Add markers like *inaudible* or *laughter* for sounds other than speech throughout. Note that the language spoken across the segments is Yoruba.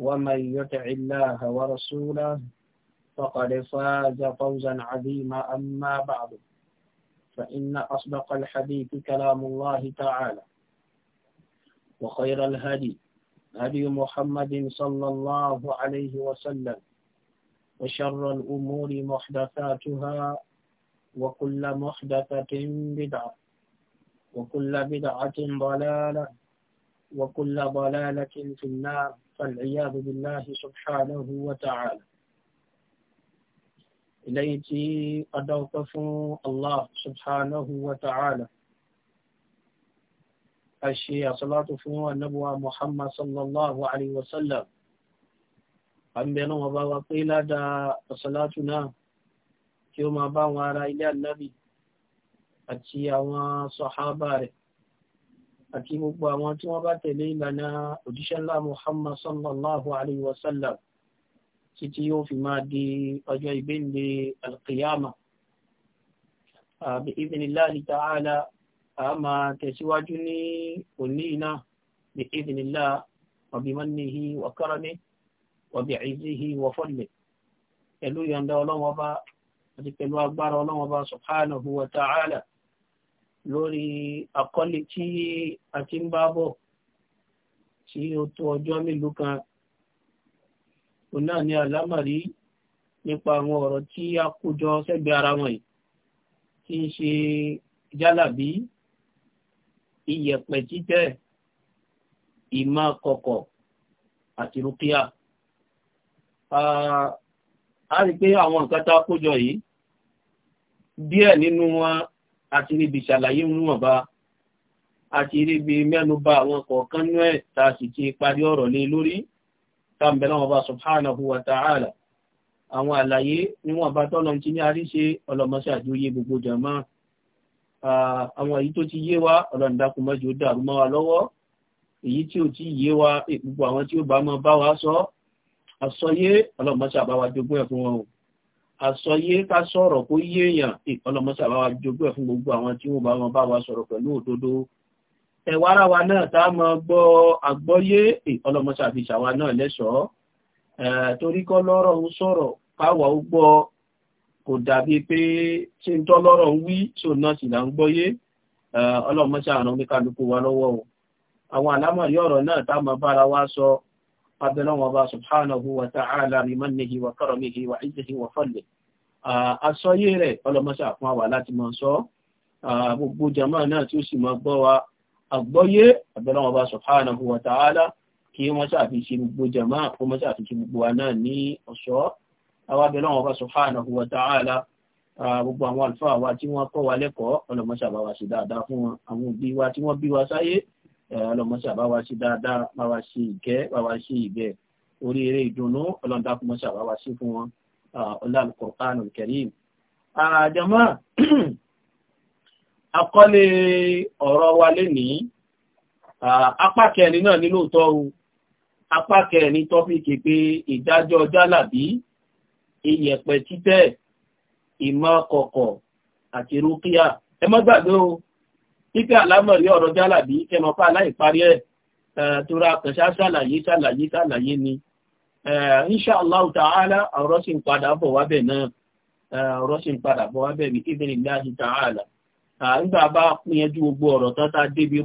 ومن يطع الله ورسوله فقد فاز فوزا عظيما أما بعد فإن أصدق الحديث كلام الله تعالى وخير الهدي هدي محمد صلى الله عليه وسلم وشر الأمور محدثاتها وكل محدثة بدعة وكل بدعة ضلالة وكل ضلالة في النار فالعياذ بالله سبحانه وتعالى إليتي أدوقف الله سبحانه وتعالى أشياء صلاة فنوى النبوة محمد صلى الله عليه وسلم أنبينا وبوقيلة دا صلاتنا كيوما بانوارا إلى النبي أتيا وصحابارك àti gbogbo àwọn tí wọ́n bá tẹ̀lé ìlànà òjíṣẹ́ ńlá Muhammad sallallahu alayhi wa sallam títí yóò fi máa di ọjọ́ ìbéèrè alqiyama ah, bi idhnillahi ta'ala a máa tẹ̀síwájú ní òní iná bi idhnillah wa bi mannihi wa karamihi wa lórí àkọlé tí a ti ń bá bọ̀ tí ó tó ọjọ́ mélòó kan òun náà ni àlámàrí nípa àwọn ọ̀rọ̀ tí a kó jọ sẹ́gbẹ̀ẹ́ ara wọn yìí tí ń ṣe jálàbí iyẹ̀pẹ̀ títẹ̀ ìmọ̀ kọ̀kọ̀ àti rúkíà. a rí pé àwọn nǹkan tá a kó jọ yìí díẹ̀ nínú wọn àti ríbi ṣàlàyé níwọ̀nba àti ríbi mẹ́nubà àwọn kọ̀ọ̀kan ní ẹ̀ ta sì ti parí ọ̀rọ̀ lé lórí tàbílọ́wọ́ba subhanahu wa ta'ala àwọn àlàyé níwọ̀nba tọ́lọ ti ní àríṣe ọlọ́mọṣẹ́ àjóyé gbogbo jama àwọn èyí tó ti yé wa ọlọ́ndakunmọ́jú dàrú mọ́ wa lọ́wọ́ èyí tí bá sọ àsọyé ọlọ́mọṣẹ́ àbáwájogún ẹ̀ fún wọn àsọyé ká sọ̀rọ̀ kó yé èèyàn ìkọlọmọsà bá wa jogún ẹ̀ fún gbogbo àwọn tí wọ́n bá wọn bá wa sọ̀rọ̀ pẹ̀lú òdodo ẹ̀wára wa náà tá a máa gbọ́ àgbọ́yé ìkọlọmọsà fi ṣàwa náà lẹ́sọ̀ọ́ torí kọ́ lọ́rọ̀ ń sọ̀rọ̀ káwa ó gbọ́ kò dàbí pé ṣe ń tọ́ lọ́rọ̀ ń wí ṣò náà sì là ń gbọ́yé ọlọ́mọsà àrùn ní wa lọ́wọ́ àwọn àlámọ̀ yọ̀rọ̀ náà tá a bára wa sọ abẹ́lọ́wọ́ bá subhanahu wa ta'ala limannihi wa karamihi wa izzihi wa fadlihi àsọyé rẹ̀ ọlọ́mọṣà fún àwà láti máa sọ gbogbo jama náà tí ó sì máa gbọ́ wa àgbọ́yé abẹ́lọ́wọ́ bá subhanahu wa ta'ala kí wọ́n ṣàfi ṣe gbogbo jama kó wọ́n ṣàfi ṣe gbogbo wa náà ní ọ̀ṣọ́ ọlọmọṣà bá wa ṣe dáadáa bá wa ṣe ìkẹ́ bá wa ṣe ìbẹ̀ orí eré ìdùnnú ọlọ́dàkùnmọṣà bá wa ṣe fún wọn ọlọ́àlùkọ̀ọ́kánù karim. àjọmọ́ akọ́lé *clears throat* ọ̀rọ̀ wa lénìí apá kẹrin náà nílò tọ́ o apá kẹrin tọ́fíìkì pé ìdájọ́ jálàbí ìyẹ̀pẹ̀ títẹ̀ ìmọ̀ kọ̀kọ̀ àti rúkíà ẹ má gbàgbé o. pípẹ́ àlámọ̀rí ọ̀rọ̀ jálàbí ẹmọ̀pá aláìparí ẹ̀ tóra kẹsà ṣàlàyé ṣàlàyé ṣàlàyé ni insha Allah ta'ala ọ̀rọ̀ ń padà bọ̀ wábẹ̀ náà ọ̀rọ̀ ń padà bọ̀ wábẹ̀ ní ibnillahi ta'ala nígbà bá pínyẹjú gbogbo ọ̀rọ̀ tán tá débi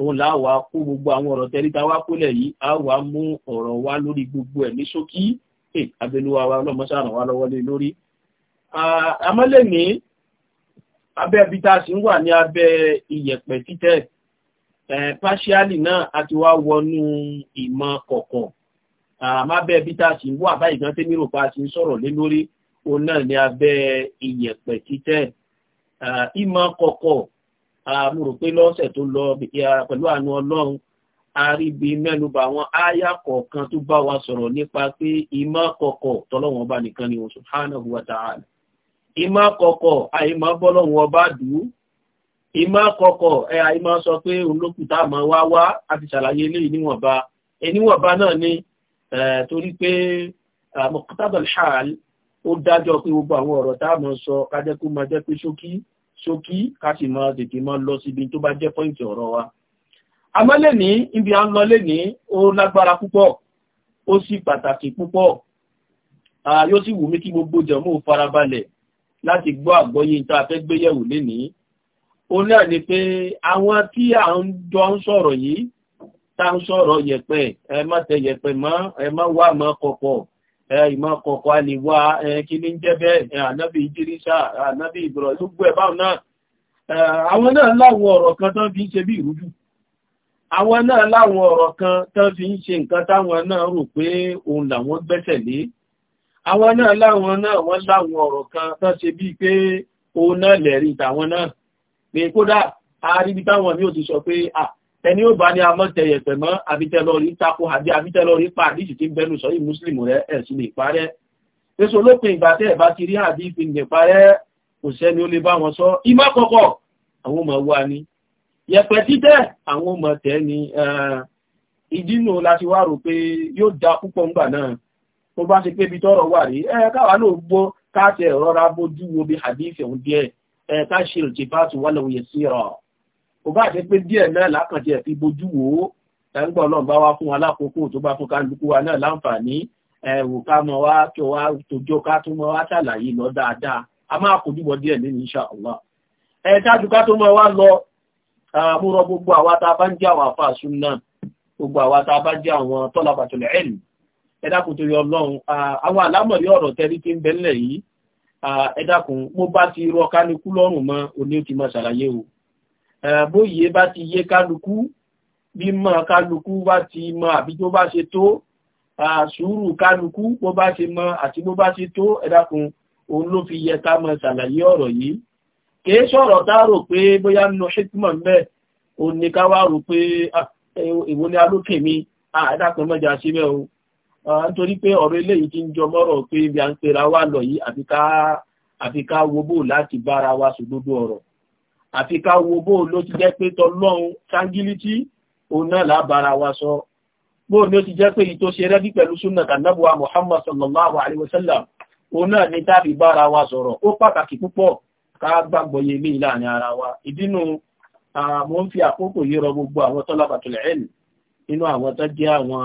òun láwà gbogbo àwọn ọ̀rọ̀ tẹ́ríta wá kólẹ̀ yìí wà mú ọ̀rọ̀ wá lórí gbogbo ẹ̀ ní ṣókí abẹnuwa wa lọ́wọ́lé lórí ní abẹ́ bí tá a sì ń wà ní abẹ́ ìyẹ̀pẹ̀ títẹ̀ partially náà a ti wá wọnú ìmọ̀ kọ̀kọ̀ àmábẹ́ bí tá a sì ń wà báyìí gan tẹ́mí rò pa a sì ń sọ̀rọ̀ lé lórí òun náà ní abẹ́ ìyẹ̀pẹ̀ títẹ̀ ìmọ̀ kọ̀kọ̀ mo rò pé lọ́sẹ̀ tó lọ pẹ̀lú àánú ọlọ́run àríbi mẹ́nuba àwọn áyà kọ̀ọ̀kan tó bá wa sọ̀rọ̀ nípa pé ìmọ̀ kọ̀kọ̀ tọ́lọ́wọ́n bá nìkan ni subhanahu wa ta'ala ìmá kọ̀kọ̀ àìmá bọ́lọ́hun ọba dùú ìmá kọ̀kọ̀ ẹ àìmá sọ pé olókùtà máa wá wá àti ṣàlàyé eléyìí níwọ̀nba ẹníwọ̀nba náà ni torí pé mọ̀kútàbọ̀lṣàl ó dájọ́ pé gbogbo àwọn ọ̀rọ̀ tá a máa sọ kájẹ́ kó máa jẹ́ pé ṣókí ṣókí ká sì máa tètè máa lọ síbi tó bá jẹ́ pọ́ìntì ọ̀rọ̀ wa àmọ́ lẹ́ni ibi à ń lọ lẹ́ni ó lágbára púpọ̀ ó sì pàtàkì púpọ̀ yóò sì wù mí kí gbogbo jẹ̀mú farabalẹ̀ láti gbọ́ àgbọ́yé tá a fẹ́ gbéyẹ̀wò lénìí ó náà ni pé àwọn tí à ń jọ ń sọ̀rọ̀ yìí tá ń sọ̀rọ̀ yẹ̀pẹ̀ ẹ má tẹ yẹ̀pẹ̀ mọ́ ẹ má wá mọ́ kọ̀kọ̀ ẹ ìmọ̀ kọ̀kọ̀ a lè wá ẹ kí ní jẹ́ bẹ́ẹ̀ ànábì ìjírísà ànábì ìbọ̀rọ̀ gbogbo ẹ̀ báwọn náà àwọn náà láwọn ọ̀rọ̀ kan tán fi ń ṣe bí ìrújú àwọn náà láwọn ọ̀rọ̀ kan tán fi ń ṣe nǹkan táwọn náà rò pé òun làwọn gbẹ́sẹ̀ lé àwọn náà láwọn náà wọ́n láwọn ọ̀rọ̀ kan tán ṣe bí pé òun náà lẹ̀rí ìtàwọn náà pé kódà àríbi táwọn mi ò ti sọ pé ẹni ó bá ní amọ́ tẹyẹ̀tẹ̀ mọ́ àbítẹ́lọ́rí tako àbí àbítẹ́lọ́rí pa àdíṣì tí ń bẹnu sọ yìí mùsùlùmù rẹ ẹ̀sìn lè parẹ́ èso lópin ìgbà tẹ́ ẹ̀ ti rí àdíṣì lè parẹ́ kò sẹ́ni ó lè bá wọn sọ ìmọ̀ kọ̀kọ̀ àwọn ọmọ wa ni yẹ̀pẹ̀ títẹ̀ àwọn ọmọ tẹ́ ni ìdínú láti wá rò pé yóò da púpọ̀ ńgbà náà bó bá ṣe pé ibi tọ́rọ̀ wà rí ẹ káwa ló gbọ́ káàtì ẹ̀rọ ra bójú wo bí hadith ẹ̀hún díẹ̀ ẹ ká ṣe lè ṣe fáàtì wà lóye sí rọ̀ kò bá ṣe pé díẹ̀ náà lákàntì ẹ̀ fi bójú wò ó ẹ̀ ń gbọ́ ọlọ́run bá wá fún wa lákòókò tó bá fún kálukú wa náà láǹfààní ẹ̀wò ká mọ wá tó wá tójó ká tó mọ wá ṣàlàyé lọ dáadáa a máa kojú bọ díẹ̀ nínú insha Allah ẹ̀ ẹ dákun torí ọlọ́run àwọn àlámọ̀rí ọ̀rọ̀ tẹ́rí kí ń bẹ́lẹ̀ yìí ẹ dákun mo bá ti rọ kálukú lọ́rùn mọ́ oní ó ti máa ṣàlàyé o bóyìí bá ti yé kálukú bí mọ́ kálukú bá ti mọ àbí tó bá ṣe tó sùúrù kálukú bó bá ṣe mọ àti bó bá ṣe tó ẹ dákun òun ló fi yẹ ká máa ṣàlàyé ọ̀rọ̀ yìí kìí sọ̀rọ̀ tá rò pé bóyá nínú ṣíkúmọ̀ mẹ́ òun ni ká wá rò pé ìwọ ni alókè mi àdápẹ́ mọ́jà síbẹ̀ o Ah, nítorí pé ọ̀rọ̀ eléyìí ti ń jọ mọ́rọ̀ pé ibi à ń pera wá lọ yìí àfi ká wo bó láti bára wa sòdodo ọ̀rọ̀ àfi ká wo bó ló ti jẹ́ pé tọlọ́run kángílítì òun náà lábára wa sọ bó ló ti jẹ́ pé yìí tó ṣe rẹ́bí pẹ̀lú súnà tànàbùwà Muhammad sallallahu alaihi wasallam òun náà ní tàbí bára wa sọ̀rọ̀ ó pàtàkì púpọ̀ wa ìdínú ah, mo ń fi àkókò yìí rọ nínú àwọn tó jẹ́ àwọn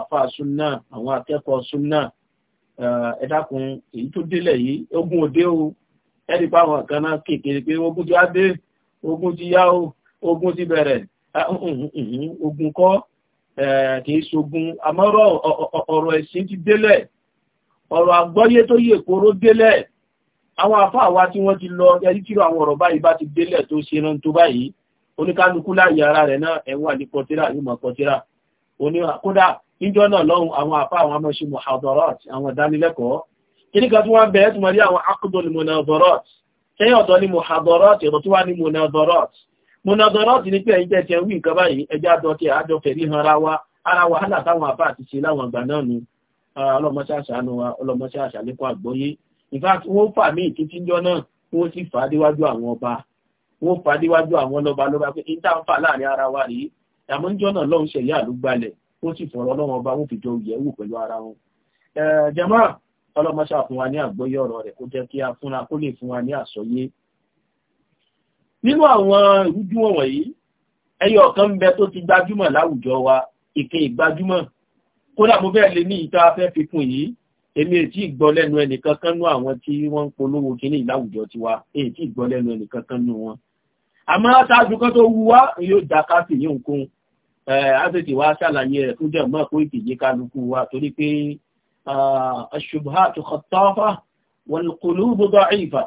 àfa súnà àwọn akẹ́kọ̀ọ́ súnà ẹ dákun èyí tó délẹ̀ yìí ogun òde o ẹ̀rí pa àwọn kan náà kékeré pé ogun ti adé ogun ti yá o ogun ti bẹ̀rẹ̀ ogun kọ́ kìí ṣogun àmọ́ ọ̀rọ̀ ẹ̀sìn ti délẹ̀ ọ̀rọ̀ àgbọ́yé tó yẹ kóró délẹ̀ àwọn àfa àwa tí wọ́n ti lọ ẹ̀rí kíró àwọn ọ̀rọ̀ báyìí bá ti délẹ̀ tó ṣe rántó báyìí oníkálukú láàyè ara rẹ̀ náà ẹ̀wọ̀n àti kọtíra yóò mọ̀ kọtíra kódà níjọ́ náà lọ́hùn àwọn àpá àwọn amọ̀ṣe muhadarat àwọn ìdánilẹ́kọ̀ọ́ kíní kan tí wọ́n bẹ̀ẹ́ tí rí àwọn akdol munadarat sẹ́yìn ọ̀dọ́ ni muhadarat ẹ̀rọ tí wọ́n ní munadarat munadarat ní pé ẹ̀yìn tẹ̀tẹ̀ wí nǹkan báyìí ẹjá dọ̀tẹ̀ àjọ fẹ̀rí han ara wa ara wàhálà táwọn àpá àti ṣe láwọn àgbà náà nu ah, ọlọ́mọṣáṣánú wa ọlọ́mọṣáṣálẹ́kọ̀ọ́ àgbọ́yé in fact wọ́n fà mí ìtútíjọ́ náà wọ́n sì fà á déwájú àwọn ọba wọ́n fà níwájú àwọn lọ́ba lọ́ba pé ní táwọn fà láàrin ara wa rèé àmọ́ níjọ́ náà lọ́hùn ṣẹ̀yẹ́ àlúgbalẹ̀ ó sì fọ̀rọ̀ ọlọ́wọ́n ọba wọ́n fi jọ yẹ̀ wò pẹ̀lú ara wọn. jama ọlọ́mọṣà fún wa ní àgbọ́yé ọ̀rọ̀ rẹ̀ kó jẹ́ kí a fúnra kó lè fún wa ní àsọyé. nínú àwọn ìrújú wọ̀nyí ẹyọ kan bẹ tó ti gbajúmọ̀ láwùjọ wa ìkẹ́ ìgbajúmọ̀ kódà mo bẹ́ẹ̀ lè ní ìta fẹ́ fi kún yìí èmi ètí ìgbọ́ lẹ́nu ẹnìkan kan nú àwọn tí wọ́n ń polówó kinní láwùjọ tiwa èyí tí ìgbọ́ lẹ́nu ẹnìkan kan nú wọn àmọ́ ṣáájú kan tó wú wá yóò dá káfí ní nǹkan áfíríkì wa ṣàlàyé rẹ̀ fún jẹ̀mọ́ kó ìtìjì kálukú wa torí pé aṣubuhatu khattafa wal qulubu da'ifa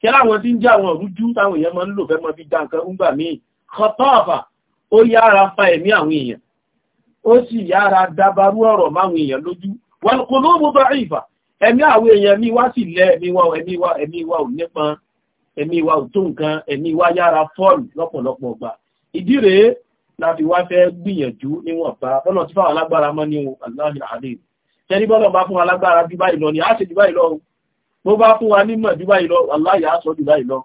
kí láwọn tí ń jẹ́ àwọn òrújú táwọn èèyàn máa ń lò fẹ́ mọ́ fi dá nǹkan ń gbà ẹ̀mí wa ò tó nǹkan ẹ̀mí wa yára fọ́ọ̀lù lọ́pọ̀lọpọ̀ ọgbà ìdí rèé la fi wá fẹ́ gbìyànjú níwọ̀nba bọ́lọ̀ tí fáwọn alágbára mọ́ ní aláàbí àdé tẹ́lí bọ́lọ̀ bá fún alágbára bí báyìí lọ ni a ṣe jù báyìí lọ bó bá fún wa nímọ̀ jù báyìí lọ aláyà á sọ jù báyìí lọ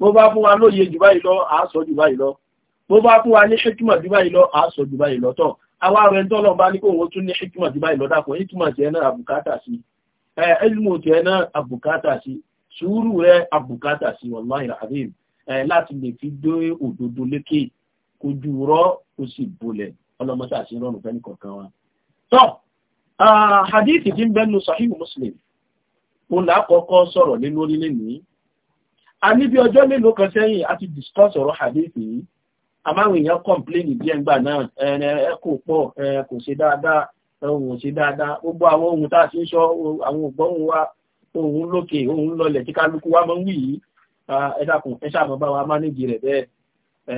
bó bá fún wa lóye jù báyìí a sọ jù báyìí lọ bó bá fún wa ní ṣíkìmọ̀ jù báyìí lọ a sọ jù báyìí lọ tọ́ àwa rẹ̀ ń tọ́lọ̀ bá ní kó wọ́n tún ní ṣíkìmọ̀ jù báyìí lọ dákun ìtumọ̀ tiẹ̀ náà àbùkátà sí ẹ̀ ẹ̀ sùúrù rẹ abùkátà sí wallahi alazim láti lè fi gbé òdodo lékè kojú rọ ó sì bolẹ̀ ọlọ́mọṣà sí rọrùn fẹ́ wa. Tọ! hadithi tí ń bẹ́nu sahih muslim òun là kọ́kọ́ sọ̀rọ̀ lé a níbi ọjọ́ mélòó kan sẹ́yìn a ti discuss ọ̀rọ̀ hadithi yìí àmáwọn èèyàn complain díẹ̀ ńgbà náà ẹ kò pọ̀ ẹ kò ṣe dáadáa ẹ ò ṣe dáadáa gbogbo àwọn ohun tá a ti ń sọ àwọn ògbọ́n wa òun lókè òun lọlẹ̀ tí kálukú wa máa ń wì yìí ẹ dákun ẹ ṣáà máa bá wa mánéjì rẹ̀ bẹ́ẹ̀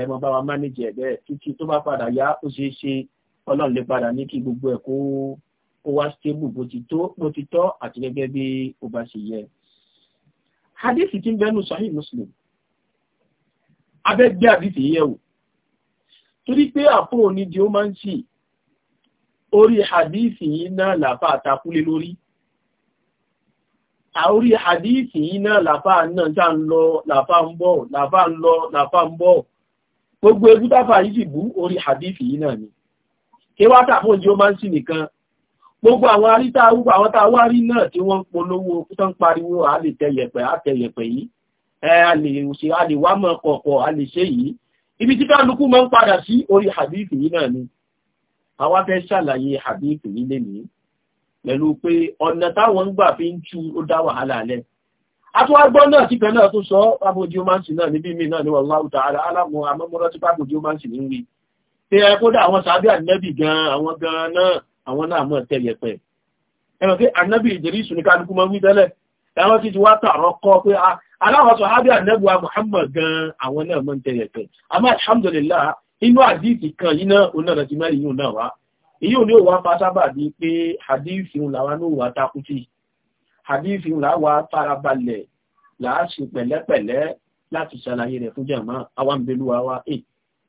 ẹ máa bá wa mánéjì ẹ̀ bẹ́ẹ̀ títí tó bá padà yá ó ṣeé ṣe ọlọ́run lè padà ní kí gbogbo ẹ̀ kó ó wá stable bó ti tó bó ti tọ́ àti gẹ́gẹ́ bí ó bá ṣe yẹ. hadith tí ń bẹnu sahih muslim abẹ́ gbé àdìsí yẹ̀ wò torí pé àpò onídìí ó máa ń sì orí hadith yìí náà làbá àtakúlé lórí àórí àdíìsì yìí náà làfà náà já ń lọ làfà ń bọ̀ làfà ń lọ làfà ń bọ̀ gbogbo ewu dáfà yìí sì bú orí àdíìsì yìí náà ni kí wá tàbí oúnjẹ ó máa ń nìkan gbogbo àwọn arítà arúgbó àwọn tá a náà a lè tẹ a tẹ yẹ̀pẹ̀ ẹ a lè ṣe a a lè ṣe ibi tí kálukú máa ń padà sí orí àdíìsì ni àwa fẹ́ ṣàlàyé àdíìsì yìí lénìí pẹ̀lú pé ọ̀nà táwọn ń gbà fi ń tú ó dá wàhálà lẹ̀. Atúwágbọ́n náà tí pẹ̀lú ọ̀tún sọ Pápójí ó máa ń sì náà níbí mi náà ní wallahu ta'ala aláàmù àmọ́mọ́rọ́ tí Pápójí ó máa ń sì ní wí. Ṣé ẹ kódà àwọn sàábì ànẹ́bì gan àwọn gan náà náà Muhammad gan àwọn náà mọ̀ tẹ̀yẹ̀ pẹ̀. Ah, àmọ́ alhamdulillah inú àdìsí kan yìí náà èyí ò ní òwà pátábà ní pé hadith ń làwa ní òwà takútì hadith ń làwa farabalẹ̀ láàṣì pẹ̀lẹ́pẹ̀lẹ́ láti ṣàlàyé rẹ̀ fún jàmá àwa e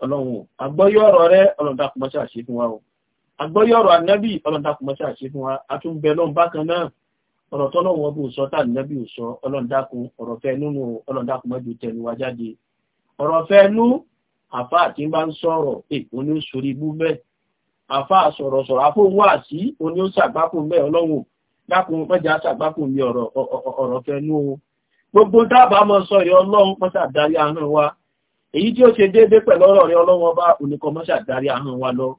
ọlọ́run agbọ́yọ̀rọ̀ rẹ̀ ọlọ́dàkùnmọ́ṣẹ́ àṣẹ fún wa o agbọ́yọ̀rọ̀ anábì ọlọ́dàkùnmọ́ṣẹ́ àṣẹ fún wa a tún bẹ lọ́n bákan náà ọ̀rọ̀ tọ́lọ́wọ́ bó sọ tá nábì ò sọ ọlọ́dàkùn ọ̀rọ̀ fẹ́ nínú ọlọ́dàkùnmọ́jú tẹnu wa jáde ọ̀rọ̀ fẹ́ nú àfáà tí ń bá ń sọ̀rọ̀ èkó ní sórí ibú àfá sọ̀rọ̀sọ̀rọ̀ àfóhùn àti oní ó ṣàgbákò mẹ́ ọlọ́run dákun mẹ́jà ṣàgbákò mi ọ̀rọ̀ fẹnu o gbogbo dábàá mọ́ sọ ìrẹ́ ọlọ́run pọ́n ṣàdarí ahọ́n wa èyí tí ó ṣe déédé pẹ̀lú ọ̀rọ̀ rẹ ọlọ́run ọba oníkan mọ́ ṣàdarí ahọ́n wa lọ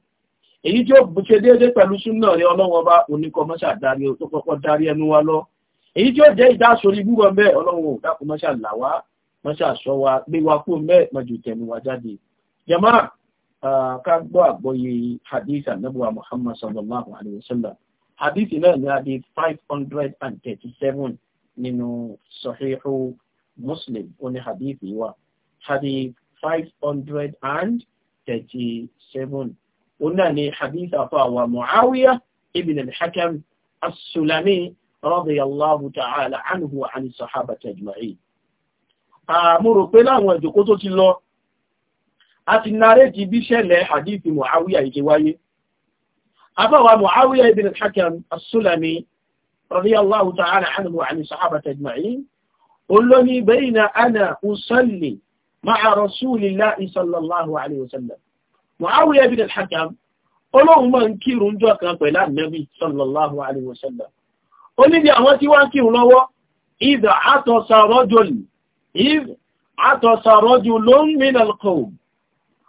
èyí tí ó ṣe déédé pẹ̀lú súnà rẹ ọlọ́run ọba oníkan mọ́ ṣàdarí ẹnu wa lọ èyí tí ó jẹ́ ìdásorí gbúgbọ́ mẹ́ ọlọ́run ò mọ́ ṣàlàwá mọ́ ṣàṣọ wa gbé wa kú mẹ́ mọ́jú tẹnu wa jáde jàmáà Ah, ká gbọ́ àgbọ́yé hadith anabuwa muhammad sallallahu alayhi wa sallam hadith náà ní hadith five hundred and thirty-seven nínú sahihu muslim oní hadith yìí wà hadith five hundred and thirty-seven oní ní hadith àfàwà muawiya ibn al-hakam as-sulami radiyallahu ta'ala anhu wa an sahaba tajma'in. àmúrò ah, pé láwọn ìjòkó tó ti lọ a ti naré ti bí ṣẹlẹ̀ hadithi muawiya yìí wáyé afáwa muawiya ibn al-hakam as-sulami radiyallahu ta'ala anhu wa ani sahabata ajma'in olóní bayna ana usalli ma'a rasulillahi sallallahu alayhi wa sallam muawiya ibn al-hakam olóhun máa ń kírun jọ kan pẹ̀lú ànábì sallallahu alayhi wa sallam ó níbi àwọn tí wọ́n kírun àtọ̀sà rọ́jò ló ń mìnà kọ̀ọ̀mù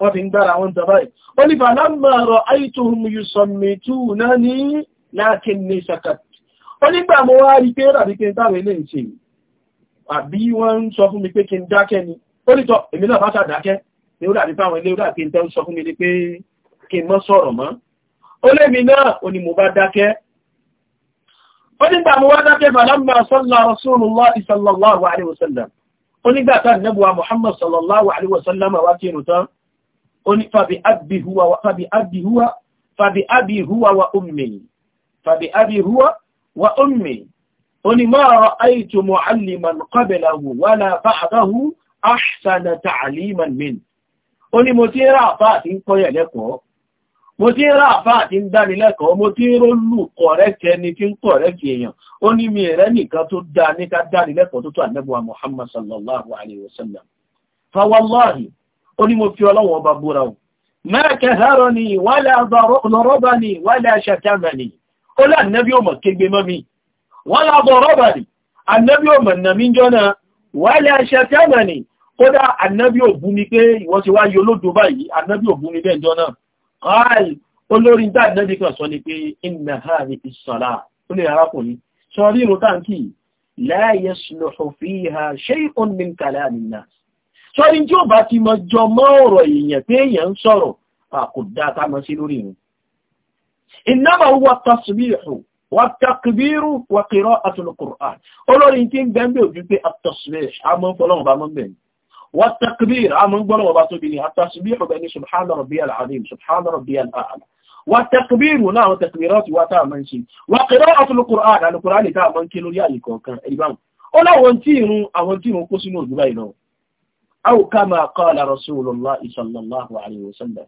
wọ́n fi ń gbára wọn tọ́ báyìí ó ní fàlámà rọ àìtòhùn yùsọ̀mìtú náà ní láàkín ní sakat ó nígbà mo wá rí pé rà wípé táwọn ilé ń ṣe àbí wọ́n sọ fún mi pé kí n dákẹ́ ni ó ní tọ́ èmi náà fásà dákẹ́ ni ó dàbí fáwọn ilé ó dàbí tẹ́ ń sọ fún mi ni pé kí n mọ́ sọ̀rọ̀ mọ́ ó lémi náà ó ní mo bá dákẹ́ ó nígbà mo wá dákẹ́ fàlámà sọ́lá rasulullahi sallallahu alaihi wasallam ó nígbà tá nàbùwà muhammad sallallahu alaihi wasallam wá kírun tán ó ní fàbí ábí húwa wa fàbí ábí húwa fàbí ábí húwa wa ummi fàbí ábí húwa wa ummi ó ní máa rọ àìtò mu'alliman qablahu wala ba'dahu ahsana ta'liman min ó ní mo ti rá àfá àti fawallahi ó ní mo fi ọlọ́wọ́ ọba búra o mẹ́ẹ̀kẹ́ hẹ́rọ ni wàlẹ̀ àbọ̀rọ̀bà ni wàlẹ̀ àṣàkàmà ni ó lẹ́ ànẹ́bí òmò kégbe mọ́ mi wàlẹ̀ àbọ̀rọ̀bà ni ànẹ́bí òmò nàmí jọ́nà wàlẹ̀ àṣàkàmà ni kódà ànẹ́bí òbú mi pé ìwọ ti wá yọlódò báyìí ànẹ́bí òbú mi bẹ́ẹ̀ jọ́nà olórin dá ànẹ́bí kan sọ ni pé iná ha ni ó lè arákùnrin sọ rí irun táǹkì láyé sùlùfù fi ha ṣe ìkùn sọ́rí tí ó bá ti mọ jọ mọ́ ọ̀rọ̀ èèyàn pé èèyàn ń sọ̀rọ̀ kò dá ká mọ́ sí lórí ìrun innama huwa tasbihu wa takbiru wa qira'atul Qur'an olórin tí ń gbẹ́ ń bẹ̀ ojú pé at-tasbih àmọ́ fọlọ́wọ́ bá mọ́ bẹ̀rẹ̀ والتكبير عمن قالوا وبا تبيني التسبيح بأني سبحان ربي العظيم سبحان ربي الأعلى والتكبير هنا وتكبيرات واتا منشي وقراءة القرآن القرآن تا منكي لوليا يكون كان إبام أولا وانتينو أوانتينو كسنو جباينو aw kama qala rasulullah sallallahu alayhi wa sallam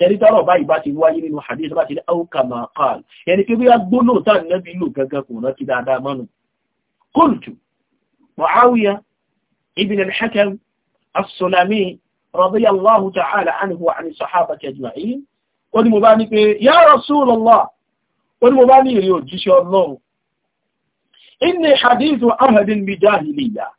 ṣẹ̀rí tọ́rọ̀ báyìí bá ti wáyé nínú hadith bá ti ní aw kama qala yẹni kí bí a gbóná tán nẹ́bí lò gẹ́gẹ́ kò rántí dáadáa mọ́nu qultu muawiya ibn al-hakam as-sulami radiyallahu ta'ala anhu wa an sahabati ajma'in ó ní mo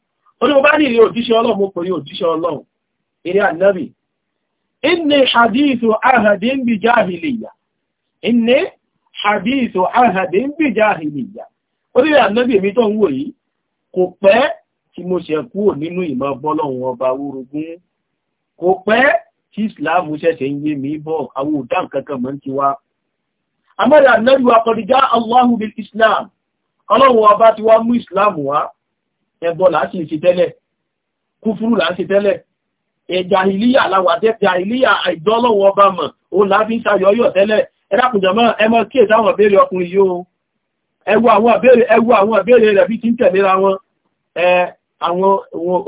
onu ní ìrìn òjíṣẹ́ ọlọ́run pẹ̀lú òjíṣẹ́ ọlọ́run eré ànábì inni hadithu bi jahiliya inni hadithu ahadin bi jahiliya orílẹ̀ ànábì èmi tó ń wò yìí kò pẹ́ tí mo ṣe kúrò nínú ìmọ̀ bọ́lọ́run ọba orogún kò pẹ́ tí ìsìláàmù ṣẹ̀ṣẹ̀ ń yé mi bọ̀ àwọn òdán kankan mọ́ ti wá amẹ́rẹ̀ ànábì wa Allahu bil islam ọlọ́run ọba ti wá mú ẹbọ láti ṣe tẹ́lẹ̀ kúfúrú láti tẹ́lẹ̀ ẹjà ìlíyà aláwàdẹ́ ìlíyà àìdọ́lọ́wọ́ ọba mọ̀ ó láti ń ṣayọyọ̀ tẹ́lẹ̀ ẹ̀dàkùnjọmọ́ ẹmọ kí èsà àwọn àbẹ́rẹ̀ ọkùnrin yóò ẹwọ àwọn àbẹ́rẹ̀ rẹ̀ bí ti ń tẹ̀léra wọn àwọn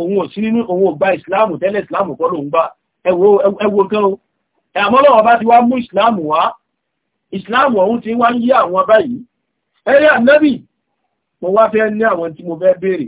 ohun òsí nínú ohun ògbà ìsìláàmù tẹ́lẹ̀ ìsìláàmù kọ́ ló ń gbà ẹwọ gan ẹ̀mọ́lọ́wọ́ bá ti wá mú ìsìláàmù wá ìsìláàmù ọ̀hún ti wá ń yí àwọn báyìí ẹ̀rẹ́ ànábì mo wá fẹ́ ní àwọn tí mo fẹ́ béèrè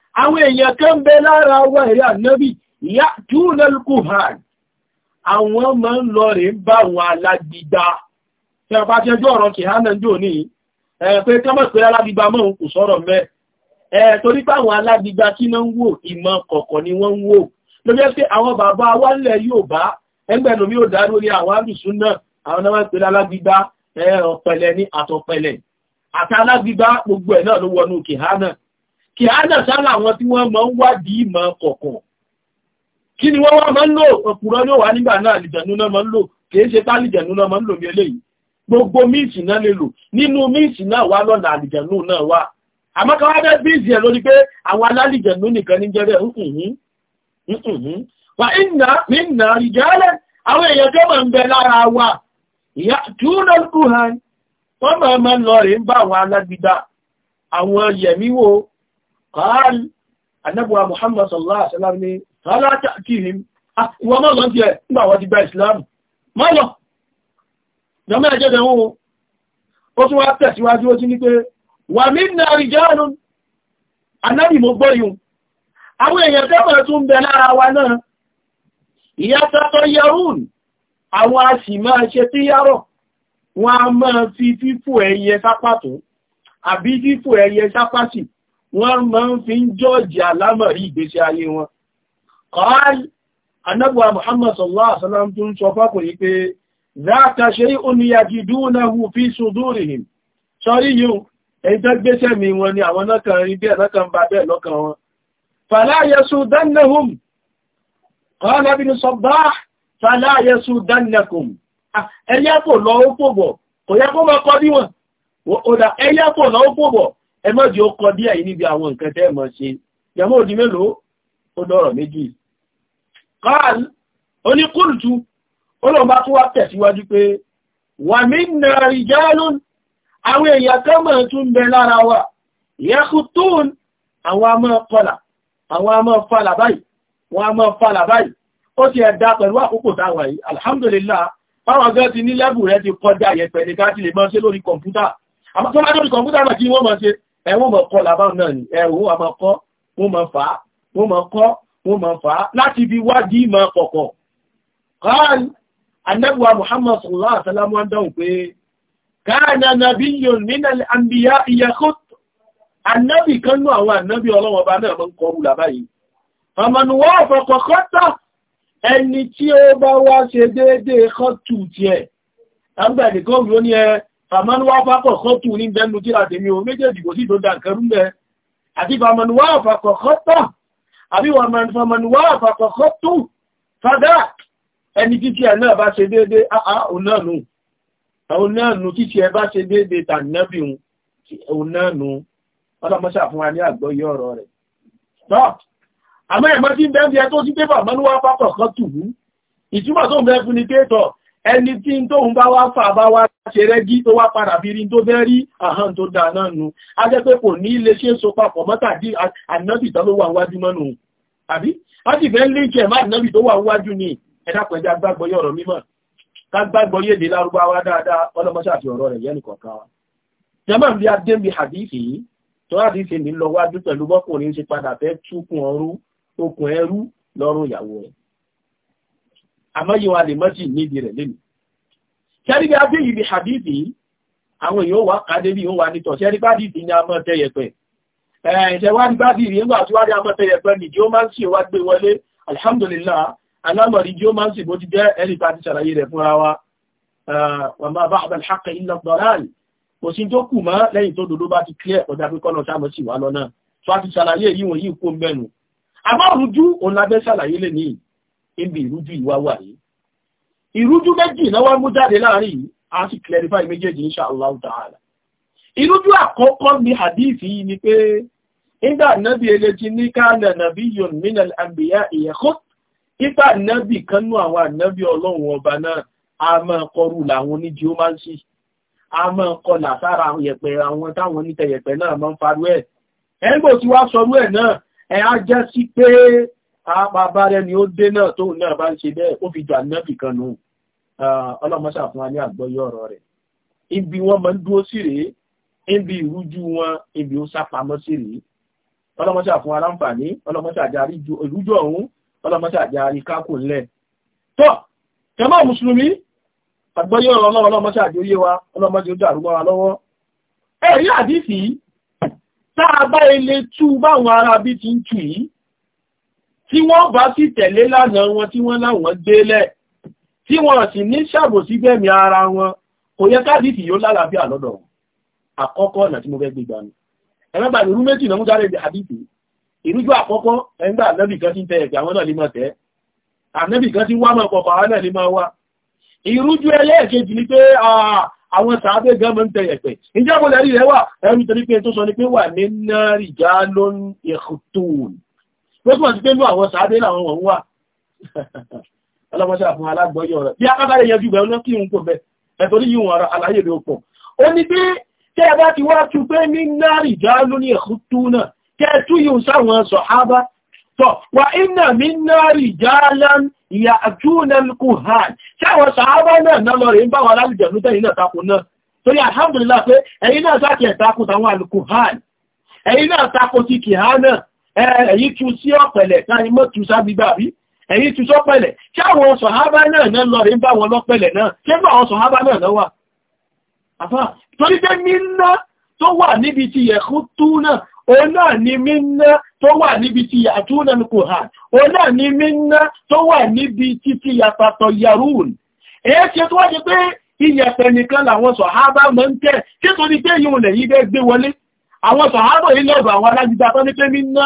àwọn èèyàn kan bẹ lára wa ẹ̀rí ànábì ìyá túnelkuhan àwọn máa ń lọ rẹ̀ ń bá wọn alágbígbá tí a bá jẹ́ jọ ọ̀rọ̀ kìhánà jò ní pé kọ́mọ̀ pé alágbígbá mọ́ òun kò sọ̀rọ̀ mẹ́ torí pé àwọn alágbígbá kí náà ń wò ìmọ̀ ni wọ́n ń wò ló jẹ́ pé àwọn bàbá wa nílẹ̀ Yorùbá ẹgbẹ̀rún mi ò dá lórí àwọn alùsùn náà àwọn náà pé alágbígbá ọ̀pẹ̀lẹ̀ kì á dà sára àwọn tí wọ́n máa ń wádìí ma kọ̀ọ̀kan kí ni wọ́n wá máa ń lò ọ̀pùrọ̀ ní wà nígbà náà àlìjẹ̀nú náà máa ń lò kìí ní eléyìí gbogbo míìsì náà lè lò nínú míìsì náà wá lọ́nà àlìjẹ̀nú náà àmọ́ ká wá ẹ̀ lórí pé àwọn alálìjẹ̀nú nìkan ní jẹ́rẹ̀ wà àwọn قال النبوة محمد صلى الله عليه وسلم فلا تأتيهم وما لن تيه ما واجب الإسلام ما له لما يجد هو وتوا تسواجي وجنيك ومنا رجال النبي مبين àwọn èèyàn tẹ́bọ̀ tún bẹ lára wa náà ìyátọ́tọ́ yẹrùn àwọn a sì máa ṣe tí yárọ̀ wọn a máa fi wọ́n máa ń fi ń jọ́ọ̀jì alámọ̀rí ìgbésí ayé wọn. Qal anábùwà Muhammad sallallahu alaihi wasallam tó ń sọ fákùnrin pé záàkà ṣe òní yajidunahu fi sudurihim sọ́rí yìí èyí tó gbéṣẹ́ mi wọn ni àwọn nákan rí bí ẹ̀nàkan bá bẹ́ẹ̀ lọ́kàn wọn. fala ẹ má jẹ́ ó kọ díẹ̀ yìí níbi àwọn nǹkan tẹ́ mọ̀ ṣe yàmọ́ òdí mélòó ó dọ̀rọ̀ méjì kọ́l oníkùrùtù olóòbá tó wá tẹ̀síwájú pé wà mí nà rijalun àwọn èèyàn kan mọ̀ tún bẹ lára wa yakhutun àwọn a kọlà àwọn a máa báyìí wọ́n a máa báyìí ó ti ẹ̀dá pẹ̀lú àkókò táwà yìí alhamdulillah báwọn gan ti ní lẹ́bù rẹ ti kọjá yẹpẹ̀ ní ká ti lè máa ṣe lórí kọ̀mpútà àmọ́ tó máa lórí kọ̀mpútà náà kí wọ́n máa ṣe ẹ̀wọ́n mọ̀ kọ́ làbá náà ni ẹ̀wọ́n wà máa kọ́ wọ́n máa fà á wọ́n máa kọ́ wọ́n máa fà á láti ibi wádìí máa kọ̀kọ̀. kọ́ọ̀lù anábùwà muhammad sallallahu alaihi wasallam ń dáhùn pé káàna nabiyyun minal anbiya yakhut anábì kan nú àwọn anábì ọlọ́wọ́n bá náà máa ń kọrù làbá yìí. ọmọnù wọ́n kọ́tà ẹni tí ó bá wá ṣe déédéé kọ́tù tiẹ̀ fàmánúwá fàkọ̀ sọ́tù ní bẹ́nu tí a tèmi o méjèèjì kò sí tó dá kẹrù mẹ́ àti fàmánúwá fàkọ̀ sọ́tọ̀ àbí fàmánúwá fàkọ̀ sọ́tù fàdá ẹni títí ẹ̀ náà bá ṣe déédé àà onáànù onáànù títí ẹ bá ṣe déédé tànàbí onáànù ọlọ́mọṣà fún wa ní àgbọ́yé ọ̀rọ̀ rẹ̀ stop àmọ́ ẹ̀mọ́ tí ń bẹ́ẹ̀ bí ẹ tó sí pé fàmánúwá fàkọ̀ ń bá wá fà bá wá ṣe rẹ́gí tó wá padà bí rí tó fẹ́ rí àhán tó dáa náà nù a jẹ́ pé kò ní ilé ṣe so papọ̀ mọ́tàdí ànábì tó ló wájú mọ́nù àbí a sì fẹ́ lè jẹ̀ má ànábì tó wà wájú ni ẹ̀dàpẹ̀já gbàgbọ́yé ọ̀rọ̀ mímọ́ ká gbàgbọ́yé èdè lárúbáwá dáadáa ọlọ́mọṣàfi ọ̀rọ̀ rẹ̀ yẹn nìkan kan wa jẹ́mọ̀ bí a dé bí hadith yìí tó hadith ní lọ wájú pẹ̀lú bọ́kùnrin ṣe padà fẹ́ túkun ọrún okùn ẹrú lọ́rùn ìyàwó rẹ̀ àmọ́ yìí wọn ṣẹ́rí bí a dé ibi hadithi àwọn èèyàn wà kàdé bí wọ́n wà nítọ̀ ṣẹ́rí bá dìdì ní a mọ́ tẹ́yẹ̀pẹ̀ ẹ̀ṣẹ̀ wá ní bá dìdì nígbà tí wá ní a mọ́ tẹ́yẹ̀pẹ̀ nìdí ó máa ń sì wá gbé wọlé alhamdulillah alámọ̀rí jí ó máa ń sì bó ti jẹ́ ẹ̀rí bá ti ṣàlàyé rẹ̀ fúnra wa wa ma ba'da al-haqqi illa ad-dalal kò sí tó kù mọ́ lẹ́yìn tó dodo bá ti clear ọjà pé kọ́nà sáà mọ́ sì wá lọ́nà tó a ti ṣàlàyé yìí wọ̀nyí kó mẹ́nu àbá rújú òun labẹ́ ṣàlàyé lè ní ibi ìrújú wà yìí ìrújú méjì náà wá mú jáde láàrin yìí a sì clarify méjèèjì insha Allah ta'ala ìrújú àkọ́kọ́ ní hadith yìí ni pé nígbà náàbì eléjì ní kana nabiyyun minal anbiya yakhut nígbà náàbì kanú àwọn ànábì ọlọ́run ọba náà a máa kọrù làwọn ní geomancy àwọn àpapá rẹ̀ ni ó dé náà tó náà bá ń ṣe bẹ́ẹ̀ ó fi jọ ànábì kan nù ọlọ́mọṣà fún wa ní àgbọ́yé ọ̀rọ̀ rẹ̀ ibi wọn máa ń dúró sí rèé ibi ìrújú wọn ibi ó sápamọ́ sí rèé ọlọ́mọṣà fún wa láǹfààní ọlọ́mọṣà àjárí ìrújú ọ̀hún ọlọ́mọṣà àjárí kákò ńlẹ̀ tọ́ tẹ́mọ́ mùsùlùmí àgbọ́yé ọ̀rọ̀ ọlọ́mọṣà wa ọlọ́mọṣà ó tí wọ́n bá sì tẹ̀lé lánàá wọn tí wọ́n láwọn gbélẹ̀ tí wọ́n sì ní ṣàbòsí gbẹ̀mí ara wọn kò yẹ káàdìtì yóò lálàáfíà lọ́dọ̀ wọn àkọ́kọ́ ọ̀nà tí mo fẹ́ gbé gbà ní ẹ̀mẹ́bà ìrú méjì náà mú sáré àdìtì ìrújú àkọ́kọ́ ẹ̀ngbà ànábì kan ti ń tẹ ẹ̀kẹ́ àwọn náà lè máa tẹ́ ànábì kan ti wá mọ̀ pọ̀pọ̀ àwọn náà lè máa wá ìrújú ẹlẹ́ẹ̀kejì ni pé àwọn sàábé gan mọ́ ń tẹ ẹ̀pẹ̀ ìjábọ̀lẹ̀ rẹ̀ wà ẹ̀rù torí pé tó sọ ni pé wà ní náà rìjá ló ló túnmọ̀ sí pé ní àwọn sàádé làwọn wọ̀n wà ọlọ́mọṣẹ́ àfún alágbọ́yọ̀ rẹ̀ bí akátàrí yẹjú bẹ̀ ọlọ́kìrún kò bẹ̀ ẹ̀tọ́ ní yíwọ̀n ara àlàyé rẹ̀ pọ̀ ó ní pé tẹ́ ẹ bá ti wá tu pé ní nárì já lóní ẹ̀kú tú náà kẹ́ ẹ tú yìí sáwọn sọ̀hábá tọ̀ wà iná mi nárì já lán ìyà àjúnà kù hà sáwọn sọ̀hábá náà náà lọ rèé ń bá wọn alálùjẹ̀ náà ẹ̀yí tu sí ọ̀pẹ̀lẹ̀ káàrí mọ́ tu sábíbà rí ẹ̀yí tu sọ́pẹ̀lẹ̀ kí àwọn sọ̀hábá náà náà lọ rí ń bá wọn lọ́pẹ̀lẹ̀ náà kí bá àwọn sọ̀hábá náà náà wà àfá torí pé mímá tó wà níbi ti yẹ̀kú túnà òun náà ni mímá tó wà níbi ti yàtúnà ní kòhà òun náà ni mímá tó wà níbi ti ti yàtàtọ̀ yarun èyí ṣe tó wá ṣe pé iyẹ̀pẹ̀ nìkan làwọn sọ̀hábá mọ́ ń tẹ̀ kí torí pé yìí wọn yí bẹ́ gbé wọlé àwọn sọ̀hábà yìí lọ́dọ̀ àwọn alágbèdá tó ní pé mímá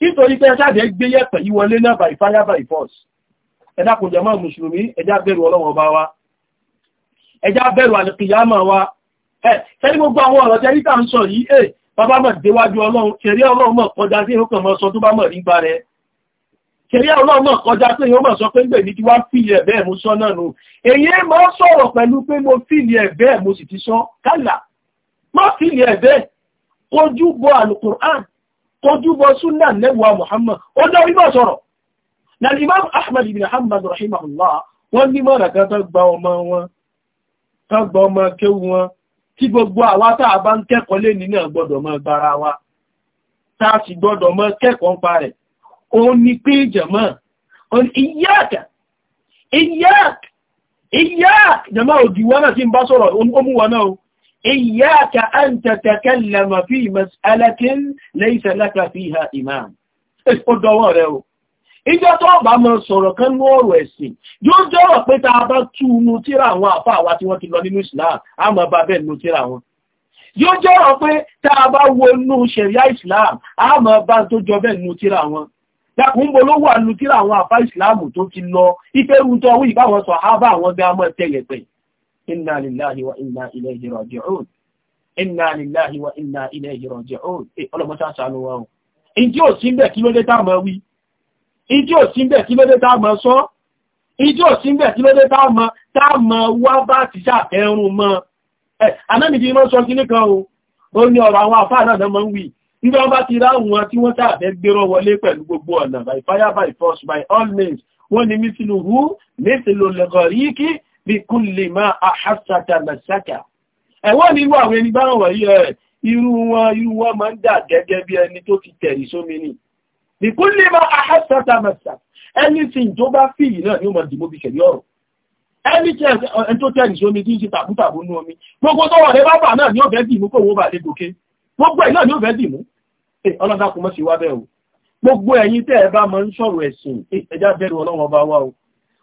nítorí pé ẹjáde gbé yẹ̀pẹ̀ ìwọlé náà by fire by force ẹ̀dá kò jẹ́ mọ́ mùsùlùmí ẹjá bẹ̀rù ọlọ́wọ́ bá wa ẹjá bẹ̀rù àlùkìyàmà wa ẹ̀ tẹ́lí gbogbo àwọn ọ̀rọ̀ tẹ́lí tà ń sọ yìí ẹ̀ eh, bàbá mọ̀ déwájú ọlọ́run ṣeré ọlọ́run mọ̀ kọjá sí ìhókò mọ̀ sọ tó bá mọ̀ nígbà rẹ̀ ṣeré ọlọ́run mọ̀ kọjá mo sọ náà nù èyí mọ́ sọ̀rọ̀ pẹ̀lú pé mo kọjúbọ súnà nẹ́wàá Muhammad ó dá orí sọ̀rọ̀ na Imam Ahmad ibn hamad rahimahullah wọn ní mọ́ra kan tó gba ọmọ wọn tó gba ọmọ kéwù wọn tí gbogbo àwa tá a bá ń kẹ́kọ̀ọ́ lé nínú gbọ́dọ̀ mọ́ gbára wa tá a sì gbọ́dọ̀ mọ́ kẹ́kọ̀ọ́ òun ni pé jẹ̀mọ́ òun jẹ̀mọ́ òdìwọ́n náà ti ń bá sọ̀rọ̀ ó mú wọn náà إياك أن تتكلم في مسألة ليس لك فيها إمام ọdọwọ́ rẹ̀ o ìjọ tó bá mọ́ sọ̀rọ̀ kan ní ọ̀rọ̀ ẹ̀sìn yóò jọ́rọ̀ pé ta bá túnú tíra àwọn àfá àwá tí wọ́n ti lọ nínú Islam a mọ̀ bá bẹ́ẹ̀ nínú tíra wọn yóò jọ́rọ̀ bó ló wà nínú tíra àwọn àfá Islam tó ti lọ ìfẹ́rù inna lillahi wa inna ilayhi raji'un inna lillahi wa inna ilayhi raji'un eh, ọlọ́mọṣá ṣàánú wa o ìdí ò sí bẹ́ẹ̀ kí ló dé táàmù wí ìdí ò sí bẹ́ẹ̀ kí ló dé táàmù sọ ìdí ò sí bẹ́ẹ̀ kí ló dé táàmù táàmù wá bá ti ṣàfẹ́rùn mọ́ ẹ̀ anábìdí iná sọ kí nìkan o ó ní ọ̀rọ̀ àwọn àfáà náà mọ́ ń wí nígbà wọn bá ti rá wọn tí wọ́n sáàfẹ́ gbérọ wọlé pẹ̀lú gbogbo ọ̀nà by fire by force by all means wọ́n ní mísìlú hù mísìlú lẹ́gọ̀ríkì bí kúlè máa àhásàtà mẹ́sàkà ẹ̀wọ́n nínú àwọn ẹni bá wọ̀ yí ẹ̀ irú wọn irú wọn máa ń dà gẹ́gẹ́ bí ẹni tó ti tẹ̀rí sómi ní bí kúlè máa àhásàtà mẹ́sàkà ẹni tí tó bá fìyì náà ni ó mọ̀ dìbò bí kẹ̀lí ọ̀rọ̀ ẹni tí ẹ tó tẹ̀rí sómi tí ń ṣe tàbútàbú nú omi gbogbo tó wọ̀n lé gòkè náà ni ó bẹ́ẹ̀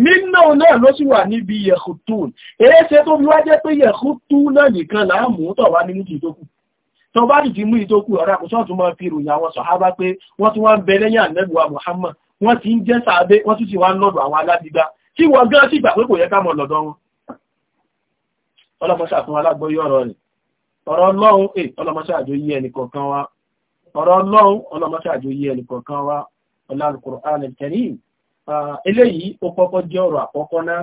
nínú náà ló sì wà níbi yẹ̀kútún èéṣe tó fi wá jẹ́ pé yẹ̀kútún náà nìkan là á mú tọ̀ wá ní mútì ìtókù tó bá dìdí mú ìtókù ọ̀rá kò sọ́ọ̀tún máa fi ròyìn àwọn sọ̀hábá pé wọ́n tún wá ń bẹ lẹ́yìn ànẹ́bùwà Muhammad wọ́n ti ń jẹ́ sàábé wọ́n tún ti wá ń lọ́dọ̀ àwọn aládìgbà tí wọ́n gán sì gbà pé kò yẹ ká mọ̀ lọ́dọ̀ wọn ọlọ́mọṣà fún alágbóyí ọ̀rọ̀ rẹ̀ ọ̀rọ̀ ọlọ́run ẹ̀ eh, ọlọ́mọṣà àjò yí ẹnìkọ̀ọ̀kan wa ọ̀rọ̀ ọlọ́run ọlọ́mọṣà àjò yí ẹnìkọ̀ọ̀kan wa ọlá Al-Qur'an Al-Karim eléyìí ó kọ́kọ́ jẹ́ ọ̀rọ̀ àkọ́kọ́ náà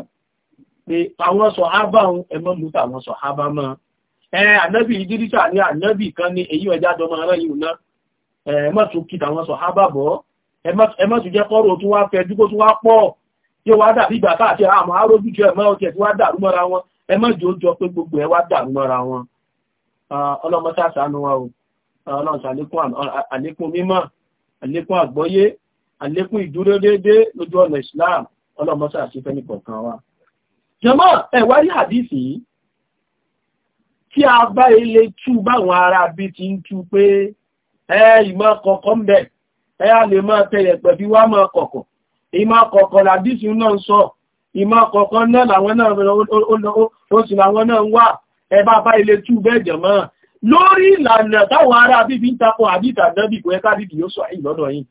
pé àwọn sọ̀hábà ń ẹmọ́ mú tàwọn sọ̀hábà mọ́ ẹ ànábì ìdírísà ní ànábì kan ní èyí ọjà jọmọ ara yìí náà ẹ má tún kí tàwọn sọ̀hábà bọ́ ẹ má tún jẹ́ kọ́rọ̀ tún wá fẹ́ dúkó tún wá pọ̀ tí ó wá dàbí ìgbà káàkiri àmọ́ arójú jẹ́ ẹ̀mọ́ ọ̀tẹ̀ tí wá dàrú mọ́ra wọn ẹ má jò jọ pé gbogbo ẹ wá dàrú mọ́ra wọn ọlọ́mọ sáà sánú wa o ọlọ́run sàlékún mímọ́ àlékún àgbọ́yé àlékún ìdúró déédé lójú ọ̀nà Islam ọlọ́mọsá àti fẹ́ni kọ̀ọ̀kan wa. jọmọ́ ẹ̀wá rí àdìsí tí a bá ilé tú báwọn ará bí ti ń tú pé ẹ ìmọ̀ kọ̀ọ̀kọ̀ ń bẹ̀ ẹ a lè máa tẹ̀yẹ̀ pẹ̀bí wá máa kọ̀kọ̀ ìmọ̀ kọ̀ọ̀kọ̀ làdìsí náà ń sọ ìmọ̀ kọ̀ọ̀kan náà làwọn náà ó sì làwọn náà ń wà ẹ bá bá ilé tú bẹ́ẹ̀ jọmọ́ lórí ìlànà táwọn ará bí fi ń takọ̀ àdìtà náà bí kò ẹ káàdì yóò sọ àìlọ́dọ̀ yìí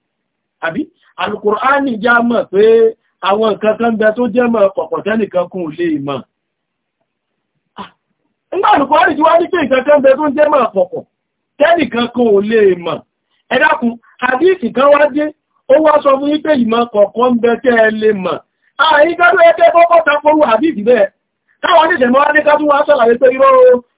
àbí alukur'ani já mọ̀ pé àwọn nǹkan kan bẹ tó jẹ́ mọ̀ pọ̀pọ̀ tẹ́nìkan kún lè mọ̀ nígbà ah, ti wá ní pé nǹkan kan bẹ tó jẹ́ mọ̀ pọ̀pọ̀ tẹ́nìkan kún lè mọ̀ àdíìsì kan wá dé ó wá sọ fún wípé ìmọ̀ kọ̀ọ̀kan bẹ tẹ́ ẹ lè mọ̀ ah, kọ́kọ́ àdíìsì bẹ́ẹ̀ káwọn oníṣẹ̀mọ́ wá sọ̀rọ̀ pé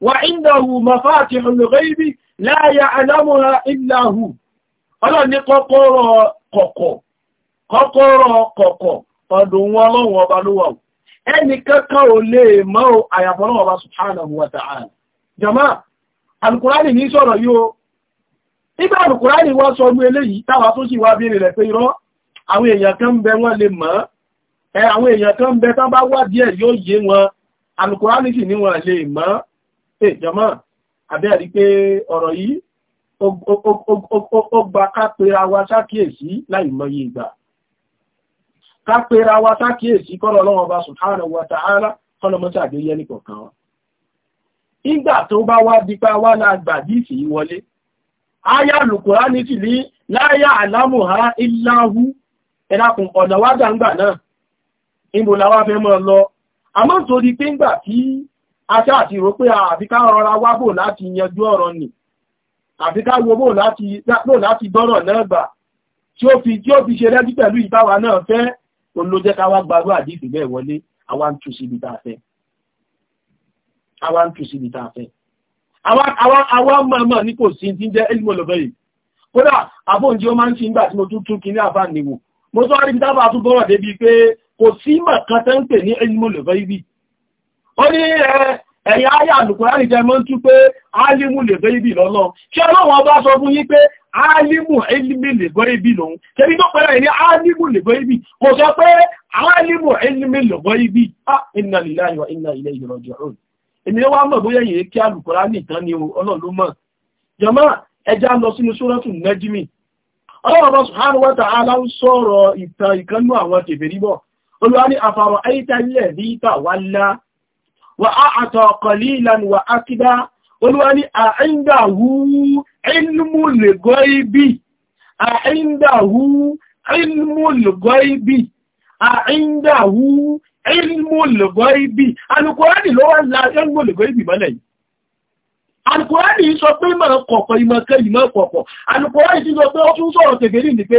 وعنده مفاتح الغيب لا يعلمها إلا هو ọlọ́run ní kọ́kọ́rọ̀ ọdún wọn lọ́wọ́ ọba ló wà ẹni ò lè ọba wa ta'ala jama alukurani ní sọ̀rọ̀ yóò nígbà alukurani wọ́n sọ ní eléyìí táwa tó sì wá bí rẹ̀ pé irọ́ àwọn èèyàn kan bẹ wọ́n lè mọ̀ kan ṣe jọmọ́ àbẹ́ àrí pé ọ̀rọ̀ yìí ó gba ká wa sákìyèsí láì ìgbà ká wa sákìyèsí kọ́lọ̀ ọlọ́wọ́ bá subhanahu wa ta'ala ara mọ́tà àgbéyẹ nìkọ̀ọ̀kan wa aya Al-Qur'ani ní aṣá àti ìró pé ah, àbí ká rọra wá bò láti yanjú ọ̀rọ̀ nì àbí ká wo bò láti dọ́rọ̀ náà gbà tí ó fi tí ó fi ṣe rẹ́jú pẹ̀lú ìbáwa náà fẹ́ olójẹ́ ká wá gbarú àdìsí bẹ́ẹ̀ wọlé àwa ń tú síbi tá a fẹ́ àwa ń tú síbi tá a fẹ́ àwa mọ̀ọ́mọ̀ ní kò sí ti ń jẹ́ elmo lọ́bẹ̀ yìí kódà àbóǹjẹ kan tẹ́ ń pè ní elmo lọ́bẹ̀ yìí ó ní ẹ̀yà ayé àlùkùránì jẹ mọ́ tú pé alimu lè gọ́ ibi lọ́lọ́ kí ọlọ́wọ́n bá sọ fún yí pé alimu elimi lè gọ́ ibi lòun kẹbí tó pẹ̀lẹ̀ ní alimu lè gọ́ ibi kò sọ pé alimu elimi lè ibi inna inna èmi wá mọ̀ yìí kí tán ni jọmọ́ ẹja lọ sínú nẹ́jìmì sọ̀rọ̀ ìtàn ìkanú àwọn bọ̀ ayíta ilẹ̀ bí ìta wà á àtọ̀ ọ̀kọ̀lì ìlànà wà á kídá olúwa ní àìndàwú ilmù lègọ́ ibi àìndàwú ilmù lègọ́ ibi àìndàwú ilmù lègọ́ ibi alukọ̀rẹ́dì ló wá la ilmù lègọ́ ibi mọ́lẹ̀ yìí alukọ̀rẹ́dì sọ pé mọ̀ kọ̀kọ̀ ìmọ̀kẹ́ ìmọ̀ kọ̀kọ̀ alukọ̀rẹ́dì ti sọ pé ó tún sọ̀rọ̀ tẹ̀gẹ̀rì ní pé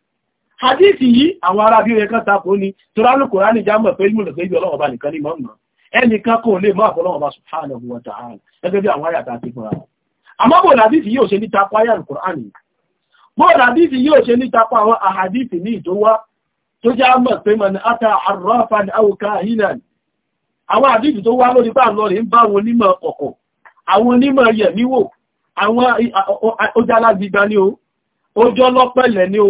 hadith yìí àwọn ará bí ẹ̀kan ní toránù kòránì jámọ̀ pé ìmúlẹ̀ pé ibi ọlọ́wọ́ bá nìkan ní mọ́ ẹnìkan kò lè mọ́ àfọlọ́wọ́ bá subhanahu wa ta'ala gẹ́gẹ́ bí àwọn àyàtà ti fúnra wọn yìí ò ṣe ní yìí ò ṣe ní àwọn ní tó jámọ̀ pé mọ̀ ní ata àwọn tó wá lórí bá lọ ń bá àwọn onímọ̀ àwọn onímọ̀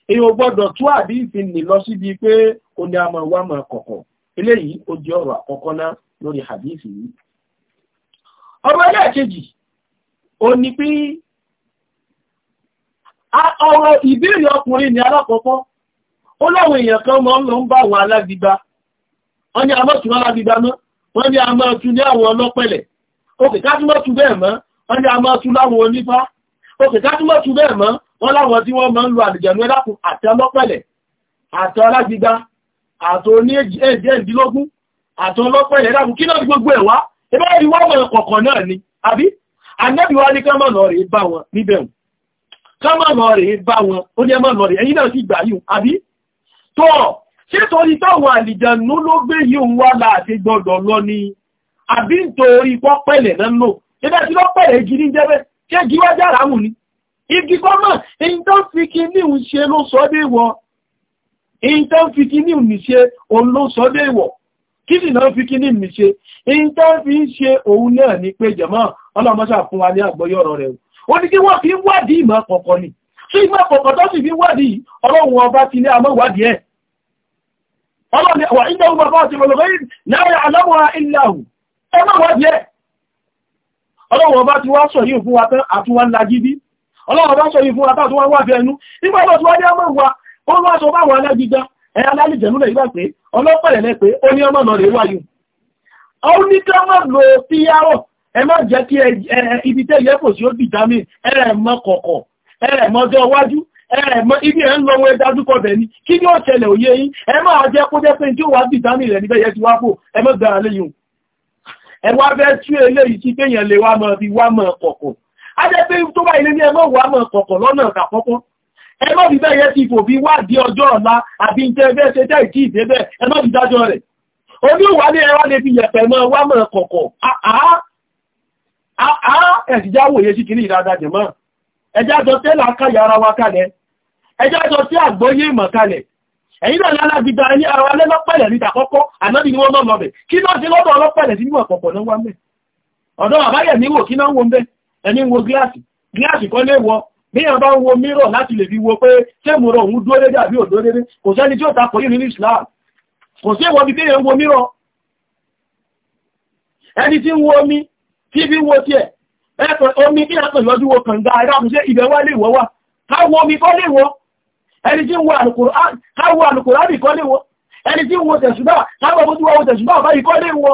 èyí ò gbọ́dọ̀ tú àdíìsì nì lọ síbi pé ó ní a máa wá máa kọ̀kọ̀ eléyìí ó jẹ́ ọ̀rọ̀ àkọ́kọ́ ná lórí àdíìsì yìí ọ̀rọ̀ ẹlẹ́ẹ̀kejì ó ní pé ọ̀rọ̀ ìbéèrè ọkùnrin ní alákọ̀ọ́kọ́ ó láwọn èèyàn kan mọ́ ń lọ ń bá àwọn alágbígba wọ́n ní a mọ́ tún alágbígba mọ́ wọ́n ní a mọ́ tún ní àwọn ọlọ́pẹ̀lẹ̀ òkè ká tún tún bẹ́ẹ̀ mọ́ wọ́n ní a tún láwọn onífá òkè ká tún tún bẹ́ẹ̀ mọ́ wọ́n láwọn tí wọ́n máa ń lo àdìjẹ̀nú ẹ́dàkùn àti ọlọ́pẹ̀lẹ̀ àti ọlágbígbá àti oní ẹ̀dẹ́ẹ̀dínlógún àti ọlọ́pẹ̀lẹ̀ ẹ́dàkùn kí náà gbogbo ẹ̀wá ẹbẹ́rẹ̀ wọ́n mọ̀ kọ̀kọ̀ náà ni àbí anẹ́bíwá ní ká mọ̀nà rẹ̀ bá wọn níbẹ̀ ká mọ̀nà rẹ̀ bá wọn ó ní ẹmọ̀nà rẹ̀ ẹ̀yìn náà sì gbà yìí àbí tó ṣé torí táwọn àlìjẹ̀nú ló gbé yìí wá láti gbọdọ̀ lọ ni àbí pọ́pẹ̀lẹ̀ náà lò tí lọ́pẹ̀lẹ̀ gidi jẹ́bẹ́ ṣé gíwájà rámù ni igi kọ́mọ̀ ìntàn fi kí ní ìhùn ṣe ló sọ dé ìwọ̀ ìntàn fi kí ní ìhùn ṣe òun ló sọ dé ìwọ̀ kí sì náà fi kí ní ìhùn ṣe ìntàn fi ń ṣe òun náà ní pé jẹ̀mọ́ ọlọ́mọṣà fún wa ní àgbọ́yọ̀rọ̀ rẹ̀ ó ní kí wọ́n fi ń wádìí ìmọ̀ kọ̀ọ̀kan ni tí ìmọ̀ kọ̀ọ̀kan tó sì fi ń wádìí ọlọ́run ọba ti ní àmọ́ ìwádìí ẹ̀ ọlọ́run ọba ti wá sọ yìí fún wa tán àtúwà ńlá ọlọ́wọ́ bá sọ yìí fún apá tó wá wà fẹ́ ẹnu nígbà tó ti wá dé ọmọ wa ó ibi ẹ̀ ń lọ wọ́n bẹ̀ ní kí ní ọ̀tẹ̀lẹ̀ òye yìí ẹ máa kó jẹ́ pé tí ó wá dìdánì rẹ̀ níbẹ̀ yẹ ti wá fò ẹmọ́ gbẹ̀rẹ̀ léyìn ẹwà bẹ́ tí eléyìí sí pé yẹn lè wá mọ́ a jẹ́ pé tó bá ilé ní ẹmọ́ wà mọ̀ kọ̀kọ̀ lọ́nà àkọ́kọ́ ẹmọ́ bí bẹ́ẹ̀ yẹ ti fò bí wà di ọjọ́ ọ̀la àbí tẹ́ bẹ́ẹ̀ ṣe jẹ́ ìdí ìdébẹ̀ ẹmọ́ bí dájọ́ rẹ̀ oní ìwà ní ẹwà lè fi yẹ̀pẹ̀ mọ́ wà mọ̀ kọ̀kọ̀ àá ẹ̀sìjáwò yẹ sí kìíní ìdájá jẹ̀ mọ́ ẹjá jọ tẹ́ làákàyà ara wa kalẹ̀ ẹjá jọ tẹ́ àgbọ́yé ìmọ̀ kalẹ̀ ẹ̀yìn náà lálágbìdá ní ara wa lẹ́lọ́pẹ̀lẹ̀ níta kọ́kọ́ ànábì ni wọ́n mọ́ lọ́bẹ̀ kí náà sí lọ́dọ̀ ọlọ́pẹ̀lẹ̀ sí níwọ̀n kọ̀kọ̀ náà wá mẹ́ ọ̀dọ́ àbáyẹ̀ níwò kí náà wọ́n bẹ́ẹ̀ ẹni wo gíláàsì gíláàsì kan lè wọ bí yàn bá ń wo láti lè fi wo pé tẹ́mù rọ̀ òun dúró dédé àbí òdó dédé kò sẹ́ni tí ó takò yìí nínú Islam kò sí bí yàn wo ẹni tí ń wo omi tí bí wo tiẹ̀ ẹ̀kọ̀ omi tí yàtọ̀ lọ́jú wo kànga ibẹ̀ wá lè káwọ omi kọ́ lè wọ́ ẹni tí ń wo kọ́ lè wọ́ ẹni tí ń wo